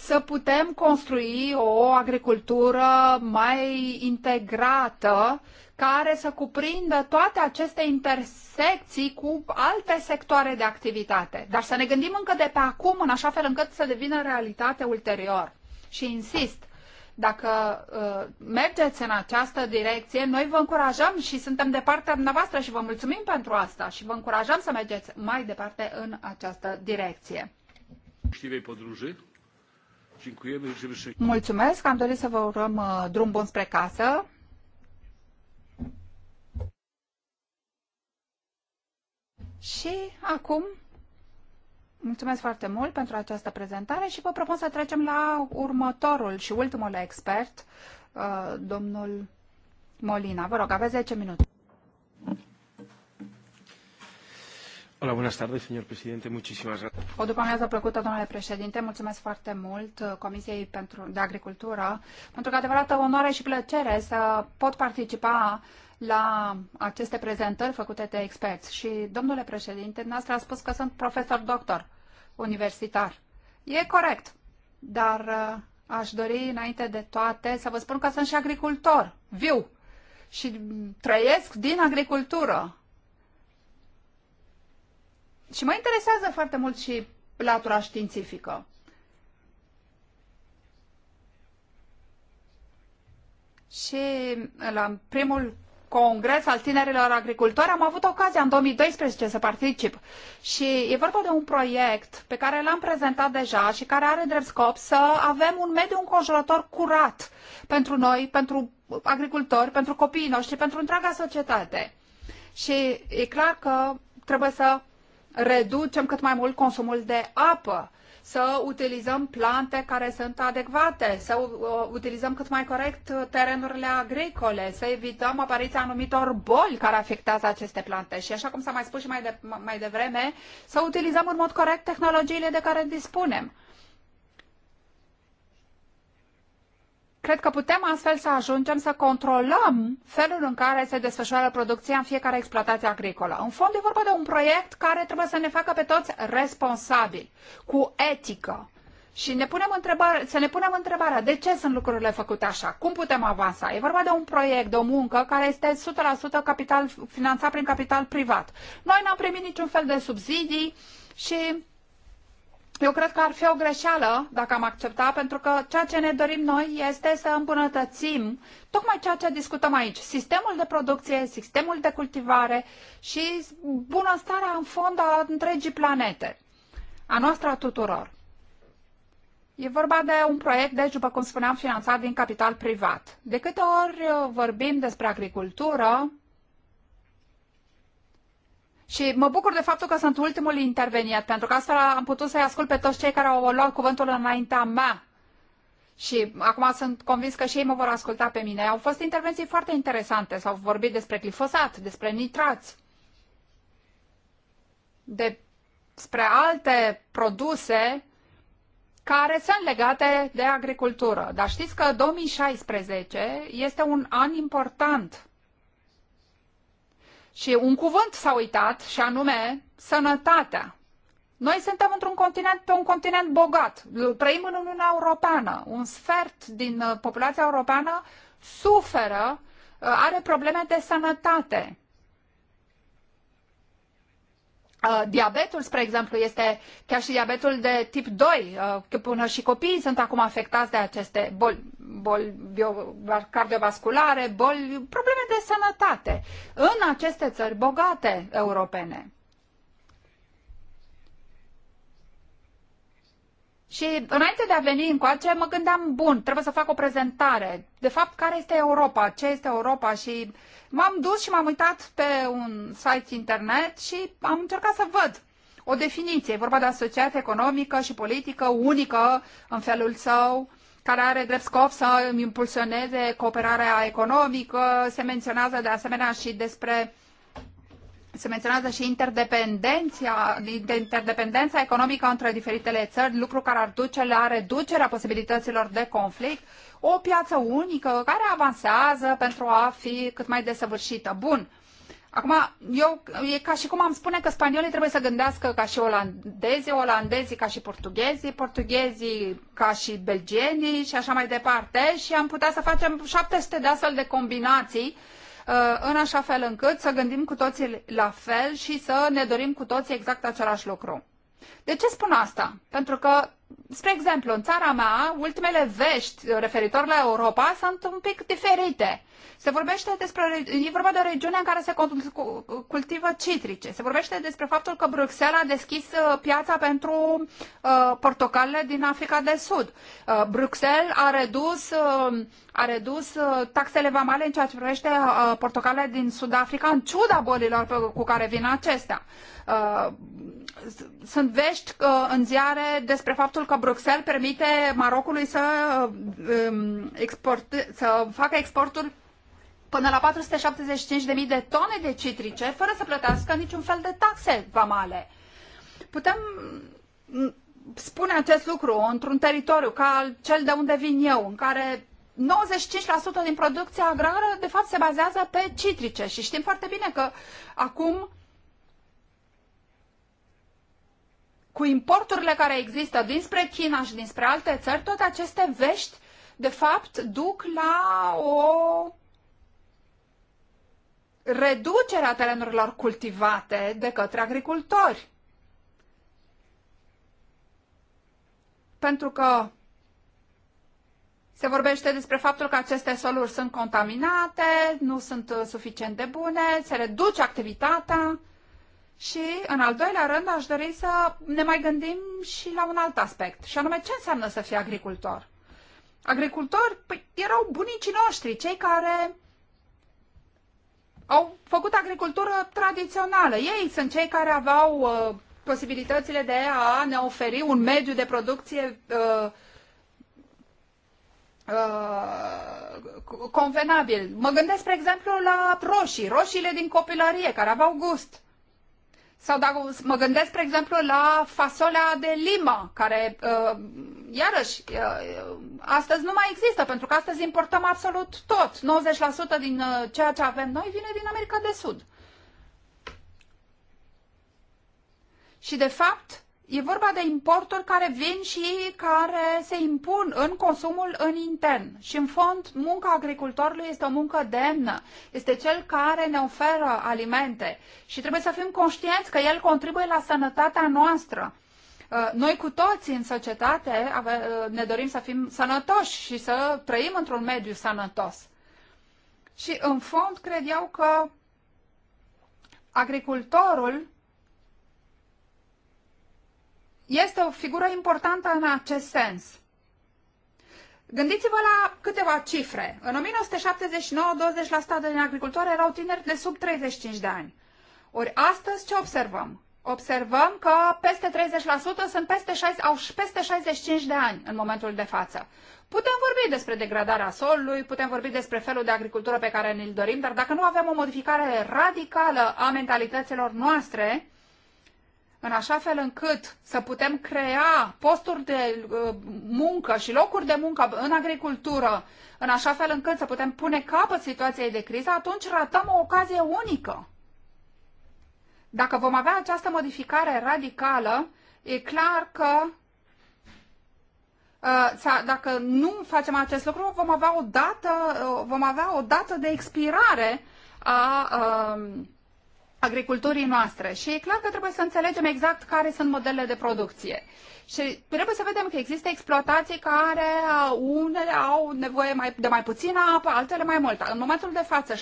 să putem construi o agricultură mai integrată care să cuprindă toate aceste intersecții cu alte sectoare de activitate. Dar să ne gândim încă de pe acum, în așa fel încât să devină realitate ulterior. Și insist, dacă uh, mergeți în această direcție, noi vă încurajăm și suntem de partea dumneavoastră și vă mulțumim pentru asta și vă încurajăm să mergeți mai departe în această direcție. Știi, podróży? Mulțumesc, am dorit să vă urăm uh, drum bun spre casă. Și acum, mulțumesc foarte mult pentru această prezentare și vă propun să trecem la următorul și ultimul expert, uh, domnul Molina. Vă rog, aveți 10 minute. Hola, buenas tardes, señor presidente. Muchísimas gracias. O după amiază plăcută, domnule președinte. Mulțumesc foarte mult uh, Comisiei pentru, de Agricultură pentru că adevărată onoare și plăcere să pot participa la aceste prezentări făcute de experți. Și, domnule președinte, dumneavoastră a spus că sunt profesor doctor universitar. E corect, dar uh, aș dori, înainte de toate, să vă spun că sunt și agricultor, viu, și trăiesc din agricultură și mă interesează foarte mult și latura științifică. Și la primul congres al tinerilor agricultori am avut ocazia în 2012 să particip și e vorba de un proiect pe care l-am prezentat deja și care are drept scop să avem un mediu înconjurător curat pentru noi, pentru agricultori, pentru copiii noștri, pentru întreaga societate. Și e clar că trebuie să reducem cât mai mult consumul de apă, să utilizăm plante care sunt adecvate, să uh, utilizăm cât mai corect terenurile agricole, să evităm apariția anumitor boli care afectează aceste plante și, așa cum s-a mai spus și mai, de, mai devreme, să utilizăm în mod corect tehnologiile de care dispunem. Cred că putem astfel să ajungem să controlăm felul în care se desfășoară producția în fiecare exploatație agricolă. În fond, e vorba de un proiect care trebuie să ne facă pe toți responsabili, cu etică. Și ne punem întrebare, să ne punem întrebarea de ce sunt lucrurile făcute așa, cum putem avansa. E vorba de un proiect, de o muncă care este 100% capital, finanțat prin capital privat. Noi n-am primit niciun fel de subsidii și eu cred că ar fi o greșeală dacă am accepta, pentru că ceea ce ne dorim noi este să îmbunătățim tocmai ceea ce discutăm aici, sistemul de producție, sistemul de cultivare și bunăstarea în fond a întregii planete, a noastră a tuturor. E vorba de un proiect, deci, după cum spuneam, finanțat din capital privat. De câte ori vorbim despre agricultură, și mă bucur de faptul că sunt ultimul interveniat, pentru că astfel am putut să-i ascult pe toți cei care au luat cuvântul înaintea mea. Și acum sunt convins că și ei mă vor asculta pe mine. Au fost intervenții foarte interesante. S-au vorbit despre glifosat, despre nitrați, despre alte produse care sunt legate de agricultură. Dar știți că 2016 este un an important și un cuvânt s-a uitat și anume sănătatea. Noi suntem într-un continent, pe un continent bogat. Trăim în Uniunea Europeană. Un sfert din uh, populația europeană suferă, uh, are probleme de sănătate. Uh, diabetul, spre exemplu, este chiar și diabetul de tip 2, uh, până și copiii sunt acum afectați de aceste boli, boli bio, cardiovasculare, boli, probleme de sănătate în aceste țări bogate europene. Și înainte de a veni încoace, mă gândeam, bun, trebuie să fac o prezentare. De fapt, care este Europa? Ce este Europa? Și m-am dus și m-am uitat pe un site internet și am încercat să văd o definiție. E vorba de asociație economică și politică unică în felul său, care are drept scop să impulsioneze cooperarea economică. Se menționează de asemenea și despre uh, se menționează și interdependența, interdependența economică între diferitele țări, lucru care ar duce la reducerea posibilităților de conflict, o piață unică care avansează pentru a fi cât mai desăvârșită. Bun, Acum, eu, e ca și cum am spune că spaniolii trebuie să gândească ca și olandezii, olandezii ca și portughezii, portughezii ca și belgenii și așa mai departe și am putea să facem 700 de astfel de combinații uh, Uh, în așa fel încât să gândim cu toții la fel și să ne dorim cu toții exact același lucru. De ce spun asta? Pentru că spre exemplu, în țara mea, ultimele vești referitor la Europa sunt un pic diferite. Se vorbește despre, e vorba de o regiune în care se cultivă citrice. Se vorbește despre faptul că Bruxelles a deschis uh, piața pentru uh, portocalele din Africa de Sud. Uh, Bruxelles a redus, uh, a redus uh, taxele vamale în ceea ce privește uh, portocalele din Sud Africa, în ciuda bolilor pe, cu care vin acestea. Uh, sunt vești uh, în ziare despre faptul faptul că Bruxelles permite Marocului să, um, export, să facă exporturi până la 475.000 de tone de citrice, fără să plătească niciun fel de taxe vamale. Putem mm, spune acest lucru într-un teritoriu ca cel de unde vin eu, în care 95% din producția agrară, de fapt, se bazează pe citrice și știm foarte bine că acum cu importurile care există dinspre China și dinspre alte țări, toate aceste vești, de fapt, duc la o reducere a terenurilor cultivate de către agricultori. Pentru că se vorbește despre faptul că aceste soluri sunt contaminate, nu sunt suficient de bune, se reduce activitatea și, în al doilea rând, aș dori să ne mai gândim și la un alt aspect, și anume ce înseamnă să fii agricultor. Agricultori păi, erau bunicii noștri, cei care au făcut agricultură tradițională. Ei sunt cei care aveau uh, posibilitățile de a ne oferi un mediu de producție uh, uh, convenabil. Mă gândesc, spre exemplu, la roșii, roșiile din copilărie, care aveau gust. Sau dacă mă gândesc, spre exemplu, la fasolea de lima, care, uh, iarăși, uh, uh, astăzi nu mai există, pentru că astăzi importăm absolut tot. 90% din uh, ceea ce avem noi vine din America de Sud. Și, de fapt, E vorba de importuri care vin și care se impun în consumul în intern. Și în fond, munca agricultorului este o muncă demnă. Este cel care ne oferă alimente. Și trebuie să fim conștienți că el contribuie la sănătatea noastră. Uh, noi cu toții în societate uh, ne dorim să fim sănătoși și să trăim într-un mediu sănătos. Și în fond, cred eu că agricultorul este o figură importantă în acest sens. Gândiți-vă la câteva cifre. În 1979, 20% din agricultori erau tineri de sub 35 de ani. Ori astăzi ce observăm? Observăm că peste 30% sunt peste 60, au peste 65 de ani în momentul de față. Putem vorbi despre degradarea solului, putem vorbi despre felul de agricultură pe care ne-l dorim, dar dacă nu avem o modificare radicală a mentalităților noastre, în așa fel încât să putem crea posturi de uh, muncă și locuri de muncă în agricultură, în așa fel încât să putem pune capăt situației de criză, atunci ratăm o ocazie unică. Dacă vom avea această modificare radicală, e clar că uh, dacă nu facem acest lucru, vom avea o dată, uh, vom avea o dată de expirare a, a agriculturii noastre și e clar că trebuie să înțelegem exact care sunt modelele de producție. Și trebuie să vedem că există exploatații care uh, unele au nevoie mai, de mai puțină apă, altele mai multă. În momentul de față,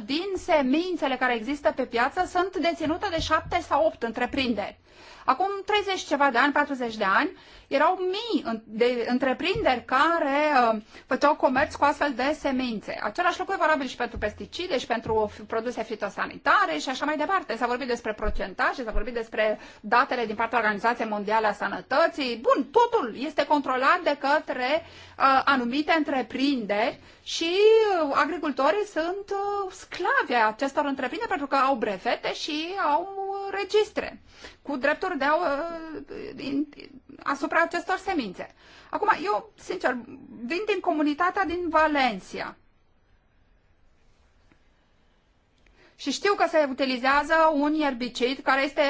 60% din semințele care există pe piață sunt deținute de 7 sau 8 întreprinderi. Acum 30 ceva de ani, 40 de ani, erau mii de întreprinderi care uh, făceau comerț cu astfel de semințe. Același lucru e valabil și pentru pesticide și pentru produse fitosanitare și așa mai departe. S-a vorbit despre procentaje, s-a vorbit despre datele din partea Organizației Mondiale a Sănătății. Bun, totul este controlat de către uh, anumite întreprinderi și uh, agricultorii sunt uh, sclavi acestor întreprinderi pentru că au brevete și au registre cu drepturi de a, ă, asupra acestor semințe. Acum, eu, sincer, vin din comunitatea din Valencia. Și știu că se utilizează un ierbicid care, este,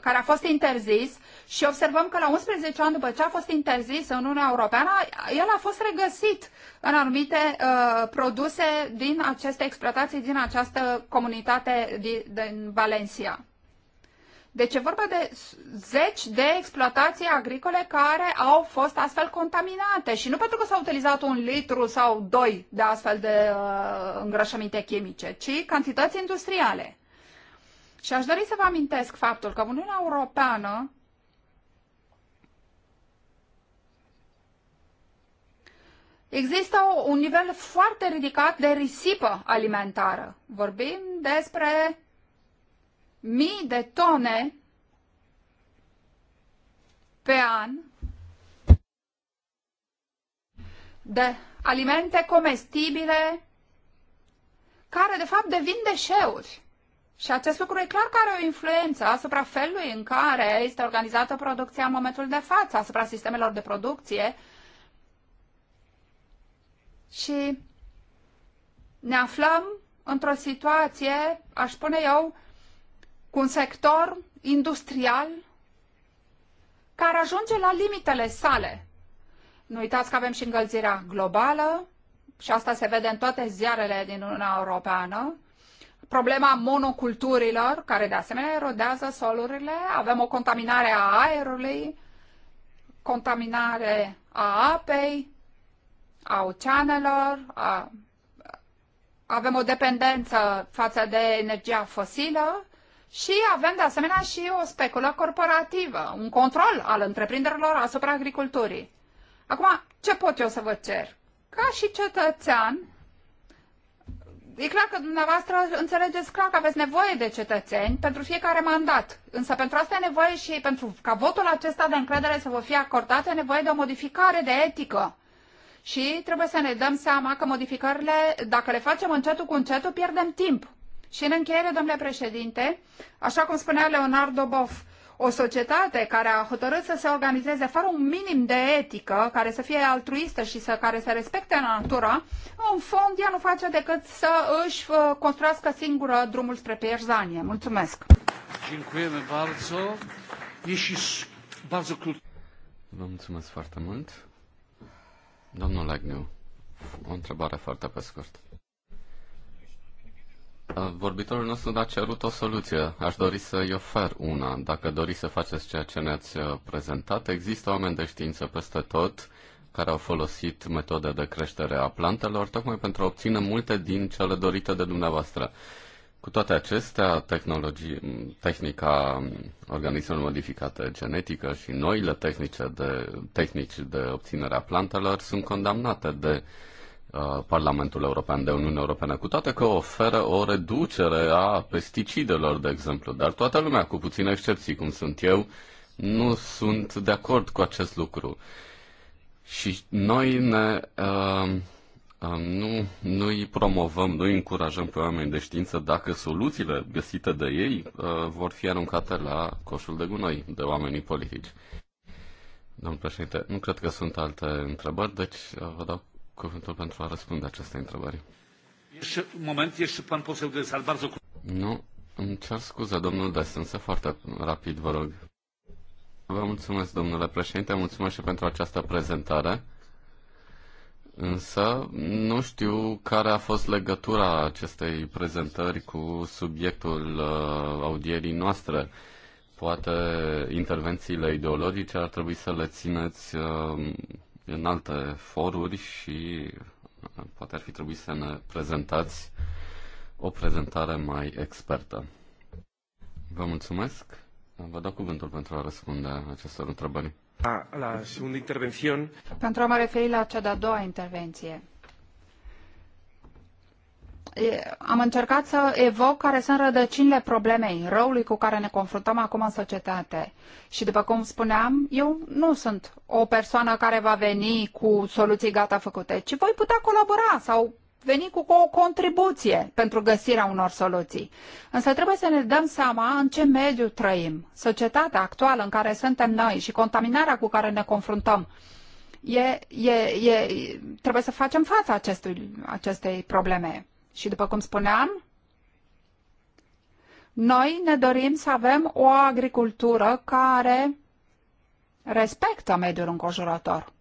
care a fost interzis și observăm că la 11 ani după ce a fost interzis în Uniunea Europeană, el a fost regăsit în anumite uh, produse din aceste exploatații, din această comunitate din, din Valencia. Deci e vorba de zeci de exploatații agricole care au fost astfel contaminate și nu pentru că s-a utilizat un litru sau doi de astfel de uh, îngrășăminte chimice, ci cantități industriale. Și aș dori să vă amintesc faptul că Uniunea Europeană Există un nivel foarte ridicat de risipă alimentară. Vorbim despre mii de tone pe an de alimente comestibile care de fapt devin deșeuri. Și acest lucru e clar că are o influență asupra felului în care este organizată producția în momentul de față, asupra sistemelor de producție. Și ne aflăm într-o situație, aș spune eu, cu un sector industrial care ajunge la limitele sale. Nu uitați că avem și îngălzirea globală și asta se vede în toate ziarele din Uniunea Europeană. Problema monoculturilor, care de asemenea erodează solurile, avem o contaminare a aerului, contaminare a apei, a oceanelor, a... avem o dependență față de energia fosilă și avem de asemenea și o speculă corporativă, un control al întreprinderilor asupra agriculturii. Acum, ce pot eu să vă cer? Ca și cetățean, e clar că dumneavoastră înțelegeți clar că aveți nevoie de cetățeni pentru fiecare mandat. Însă pentru asta e nevoie și pentru ca votul acesta de încredere să vă fie acordat, e nevoie de o modificare de etică. Și trebuie să ne dăm seama că modificările, dacă le facem încetul cu încetul, pierdem timp. Și în încheiere, domnule președinte, așa cum spunea Leonardo Boff, o societate care a hotărât să se organizeze fără un minim de etică, care să fie altruistă și să, care să respecte natura, în fond ea nu face decât să își uh, construiască singură drumul spre pierzanie. Mulțumesc! Vă mulțumesc foarte mult. Domnul Agnew, o întrebare foarte pe scurt. Uh, vorbitorul nostru a cerut o soluție. Aș dori să-i ofer una. Dacă doriți să faceți ceea ce ne-ați uh, prezentat, există oameni de știință peste tot care au folosit metode de creștere a plantelor tocmai pentru a obține multe din cele dorite de dumneavoastră. Cu toate acestea, tehnica um, organismelor modificate genetică și noile tehnice de, tehnici de obținere a plantelor sunt condamnate de uh, Uh, Parlamentul European de Uniunea Europeană, cu toate că oferă o reducere a pesticidelor, de exemplu, dar toată lumea, cu puține excepții, cum sunt eu, nu sunt de acord cu acest lucru. Și noi ne, uh, uh, nu, nu îi promovăm, nu îi încurajăm pe oameni de știință dacă soluțiile găsite de ei uh, vor fi aruncate la coșul de gunoi de oamenii politici. Domnul președinte, nu cred că sunt alte întrebări, deci uh, vă dau cuvântul pentru a răspunde acestei întrebări. Jeszcze, moment, jeszcze pan poseł de bardzo... Nu, îmi cer scuze, domnul Des, însă foarte rapid, vă rog. Vă mulțumesc, domnule președinte, mulțumesc și pentru această prezentare. Însă nu știu care a fost legătura acestei prezentări cu subiectul uh, audierii noastre. Poate intervențiile ideologice ar trebui să le țineți uh, în alte foruri și uh, poate ar fi trebuit să ne prezentați o prezentare mai expertă. Vă mulțumesc. Vă dau cuvântul pentru a răspunde acestor întrebări. La, la segunda intervenție. Pentru a mă referi la cea de-a doua intervenție am încercat să evoc care sunt rădăcinile problemei, răului cu care ne confruntăm acum în societate. Și după cum spuneam, eu nu sunt o persoană care va veni cu soluții gata făcute, ci voi putea colabora sau veni cu o contribuție pentru găsirea unor soluții. Însă trebuie să ne dăm seama în ce mediu trăim. Societatea actuală în care suntem noi și contaminarea cu care ne confruntăm E, e, e, trebuie să facem față acestui, acestei probleme. Și după cum spuneam, noi ne dorim să avem o agricultură care respectă mediul înconjurător.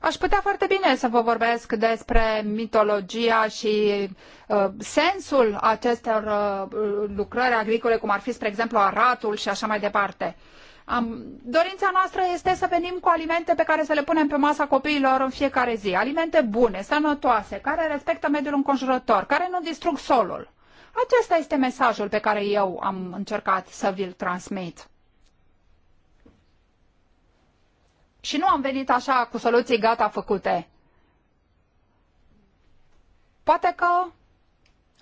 Aș putea foarte bine să vă vorbesc despre mitologia și uh, sensul acestor uh, lucrări agricole, cum ar fi, spre exemplu, aratul și așa mai departe. Uh, am, dorința noastră este să venim cu alimente pe care să le punem pe masa copiilor în fiecare zi. Alimente bune, sănătoase, care respectă mediul înconjurător, care nu distrug solul. Acesta este mesajul pe care eu am încercat să vi-l transmit. Și nu am venit așa cu soluții gata făcute. Poate că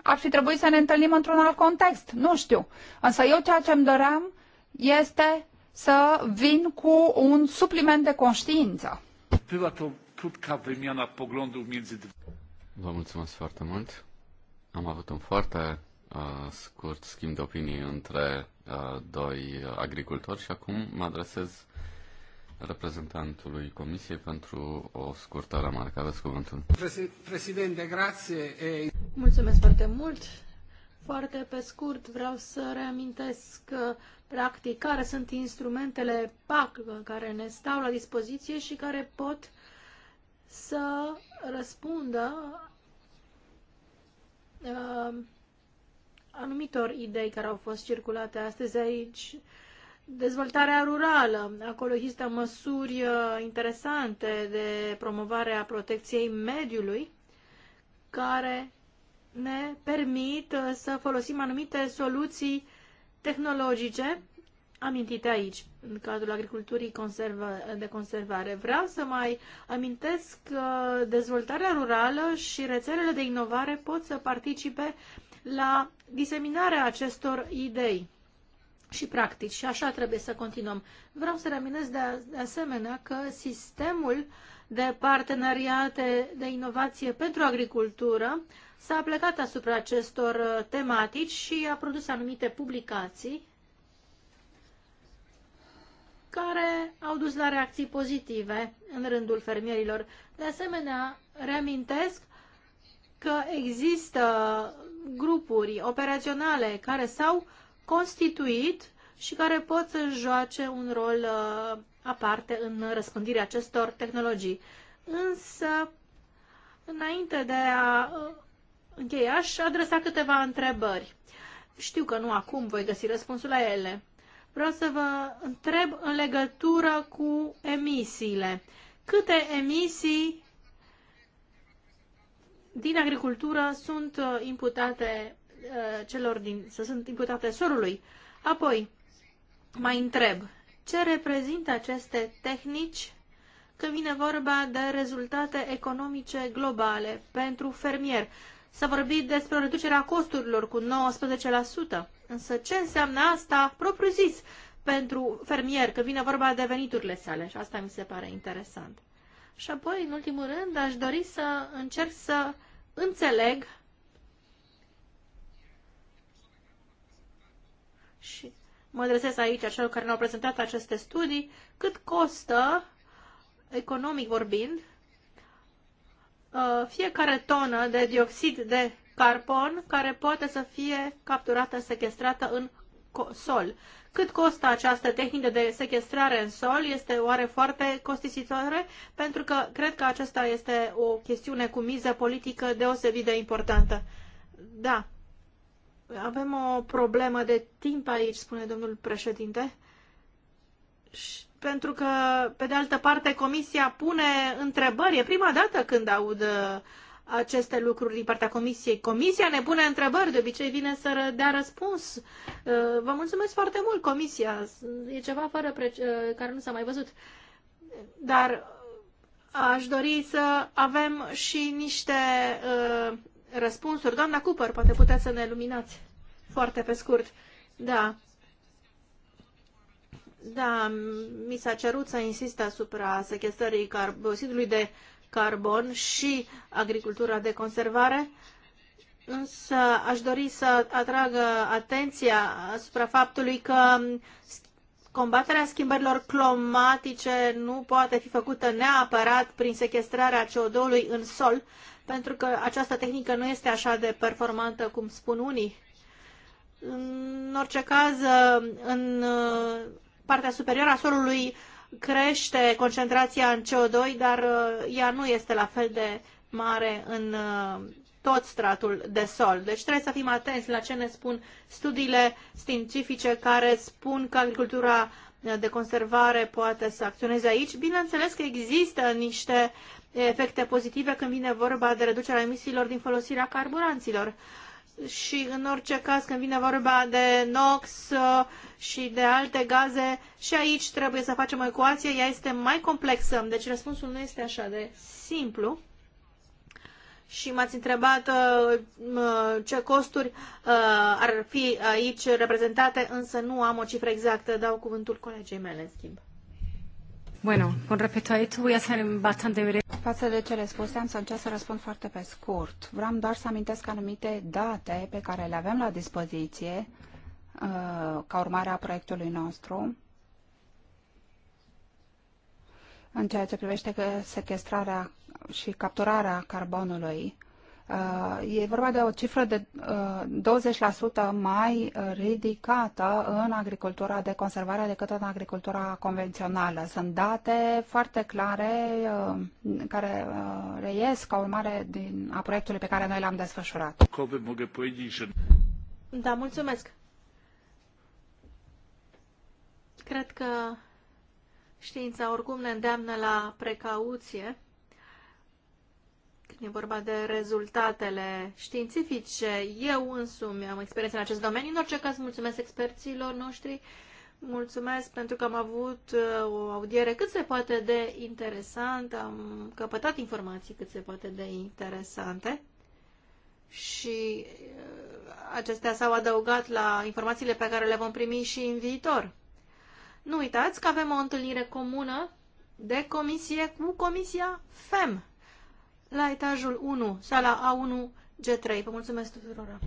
ar fi trebuit să ne întâlnim într-un alt context, nu știu. Însă eu ceea ce îmi doream este să vin cu un supliment de conștiință. Vă mulțumesc foarte mult. Am avut un foarte uh, scurt schimb de opinii între uh, doi agricultori și acum mă adresez reprezentantului Comisiei pentru o scurtă remarcă. Aveți cuvântul. Președinte, grație. Mulțumesc foarte mult. Foarte pe scurt vreau să reamintesc uh, practic care sunt instrumentele PAC care ne stau la dispoziție și care pot să răspundă uh, anumitor idei care au fost circulate astăzi aici. Dezvoltarea rurală. Acolo există măsuri uh, interesante de promovare a protecției mediului care ne permit uh, să folosim anumite soluții tehnologice amintite aici, în cadrul agriculturii de conservare. Vreau să mai amintesc că uh, dezvoltarea rurală și rețelele de inovare pot să participe la diseminarea acestor idei și practici și așa trebuie să continuăm. Vreau să reamintesc de asemenea că sistemul de parteneriate de inovație pentru agricultură s-a plecat asupra acestor uh, tematici și a produs anumite publicații care au dus la reacții pozitive în rândul fermierilor. De asemenea, reamintesc că există grupuri operaționale care s-au constituit și care pot să joace un rol uh, aparte în răspândirea acestor tehnologii. Însă, înainte de a uh, încheia, aș adresa câteva întrebări. Știu că nu acum voi găsi răspunsul la ele. Vreau să vă întreb în legătură cu emisiile. Câte emisii din agricultură sunt uh, imputate uh, celor din, să sunt imputate sorului? Apoi, mai întreb, ce reprezintă aceste tehnici când vine vorba de rezultate economice globale pentru fermier? S-a vorbit despre reducerea costurilor cu 19%. Însă ce înseamnă asta propriu-zis pentru fermier, că vine vorba de veniturile sale? Și asta mi se pare interesant. Și apoi, în ultimul rând, aș dori să încerc să înțeleg și mă adresez aici celor care ne-au prezentat aceste studii, cât costă, economic vorbind, Uh, fiecare tonă de dioxid de carbon care poate să fie capturată, sequestrată în sol. Cât costă această tehnică de sequestrare în sol? Este oare foarte costisitoare? Pentru că cred că aceasta este o chestiune cu miză politică deosebit de importantă. Da. Avem o problemă de timp aici, spune domnul președinte pentru că, pe de altă parte, Comisia pune întrebări. E prima dată când aud uh, aceste lucruri din partea Comisiei. Comisia ne pune întrebări, de obicei vine să dea răspuns. Uh, vă mulțumesc foarte mult, Comisia. E ceva fără uh, care nu s-a mai văzut. Dar aș dori să avem și niște răspunsuri. Doamna Cooper, poate puteți să ne luminați foarte pe scurt. Da. Da, mi s-a cerut să insist asupra sequestrării oxidului de carbon și agricultura de conservare, însă aș dori să atrag atenția asupra faptului că combaterea schimbărilor climatice nu poate fi făcută neapărat prin sequestrarea CO2-ului în sol, pentru că această tehnică nu este așa de performantă cum spun unii. În orice caz, în partea superioară a solului crește concentrația în CO2, dar uh, ea nu este la fel de mare în uh, tot stratul de sol. Deci trebuie să fim atenți la ce ne spun studiile științifice care spun că agricultura uh, de conservare poate să acționeze aici. Bineînțeles că există niște efecte pozitive când vine vorba de reducerea emisiilor din folosirea carburanților și în orice caz când vine vorba de NOx uh, și de alte gaze, și aici trebuie să facem o ecuație, ea este mai complexă, deci răspunsul nu este așa de simplu. Și m-ați întrebat uh, uh, ce costuri ar fi aici reprezentate, însă nu am o cifră exactă, dau cuvântul colegei mele în schimb. Bueno, con respecto a esto voy a ser bastante breve. Față de cele spuse, am să încerc să răspund foarte pe scurt. Vreau doar să amintesc anumite date pe care le avem la dispoziție uh, ca urmare a proiectului nostru în ceea ce privește sequestrarea și capturarea carbonului Uh, e vorba de o cifră de 20% uh, mai uh, ridicată în agricultura de conservare decât în agricultura convențională. Sunt date foarte clare care reies ca urmare din, a proiectului pe care noi l-am desfășurat. Da, mulțumesc. Cred că știința oricum ne îndeamnă la precauție când e vorba de rezultatele științifice. Eu însumi am experiență în acest domeniu. În orice caz, mulțumesc experților noștri, mulțumesc pentru că am avut uh, o audiere cât se poate de interesantă, am căpătat informații cât se poate de interesante și uh, acestea s-au adăugat la informațiile pe care le vom primi și în viitor. Nu uitați că avem o întâlnire comună de comisie cu Comisia FEM la etajul 1, sala A1, G3. Vă mulțumesc tuturor!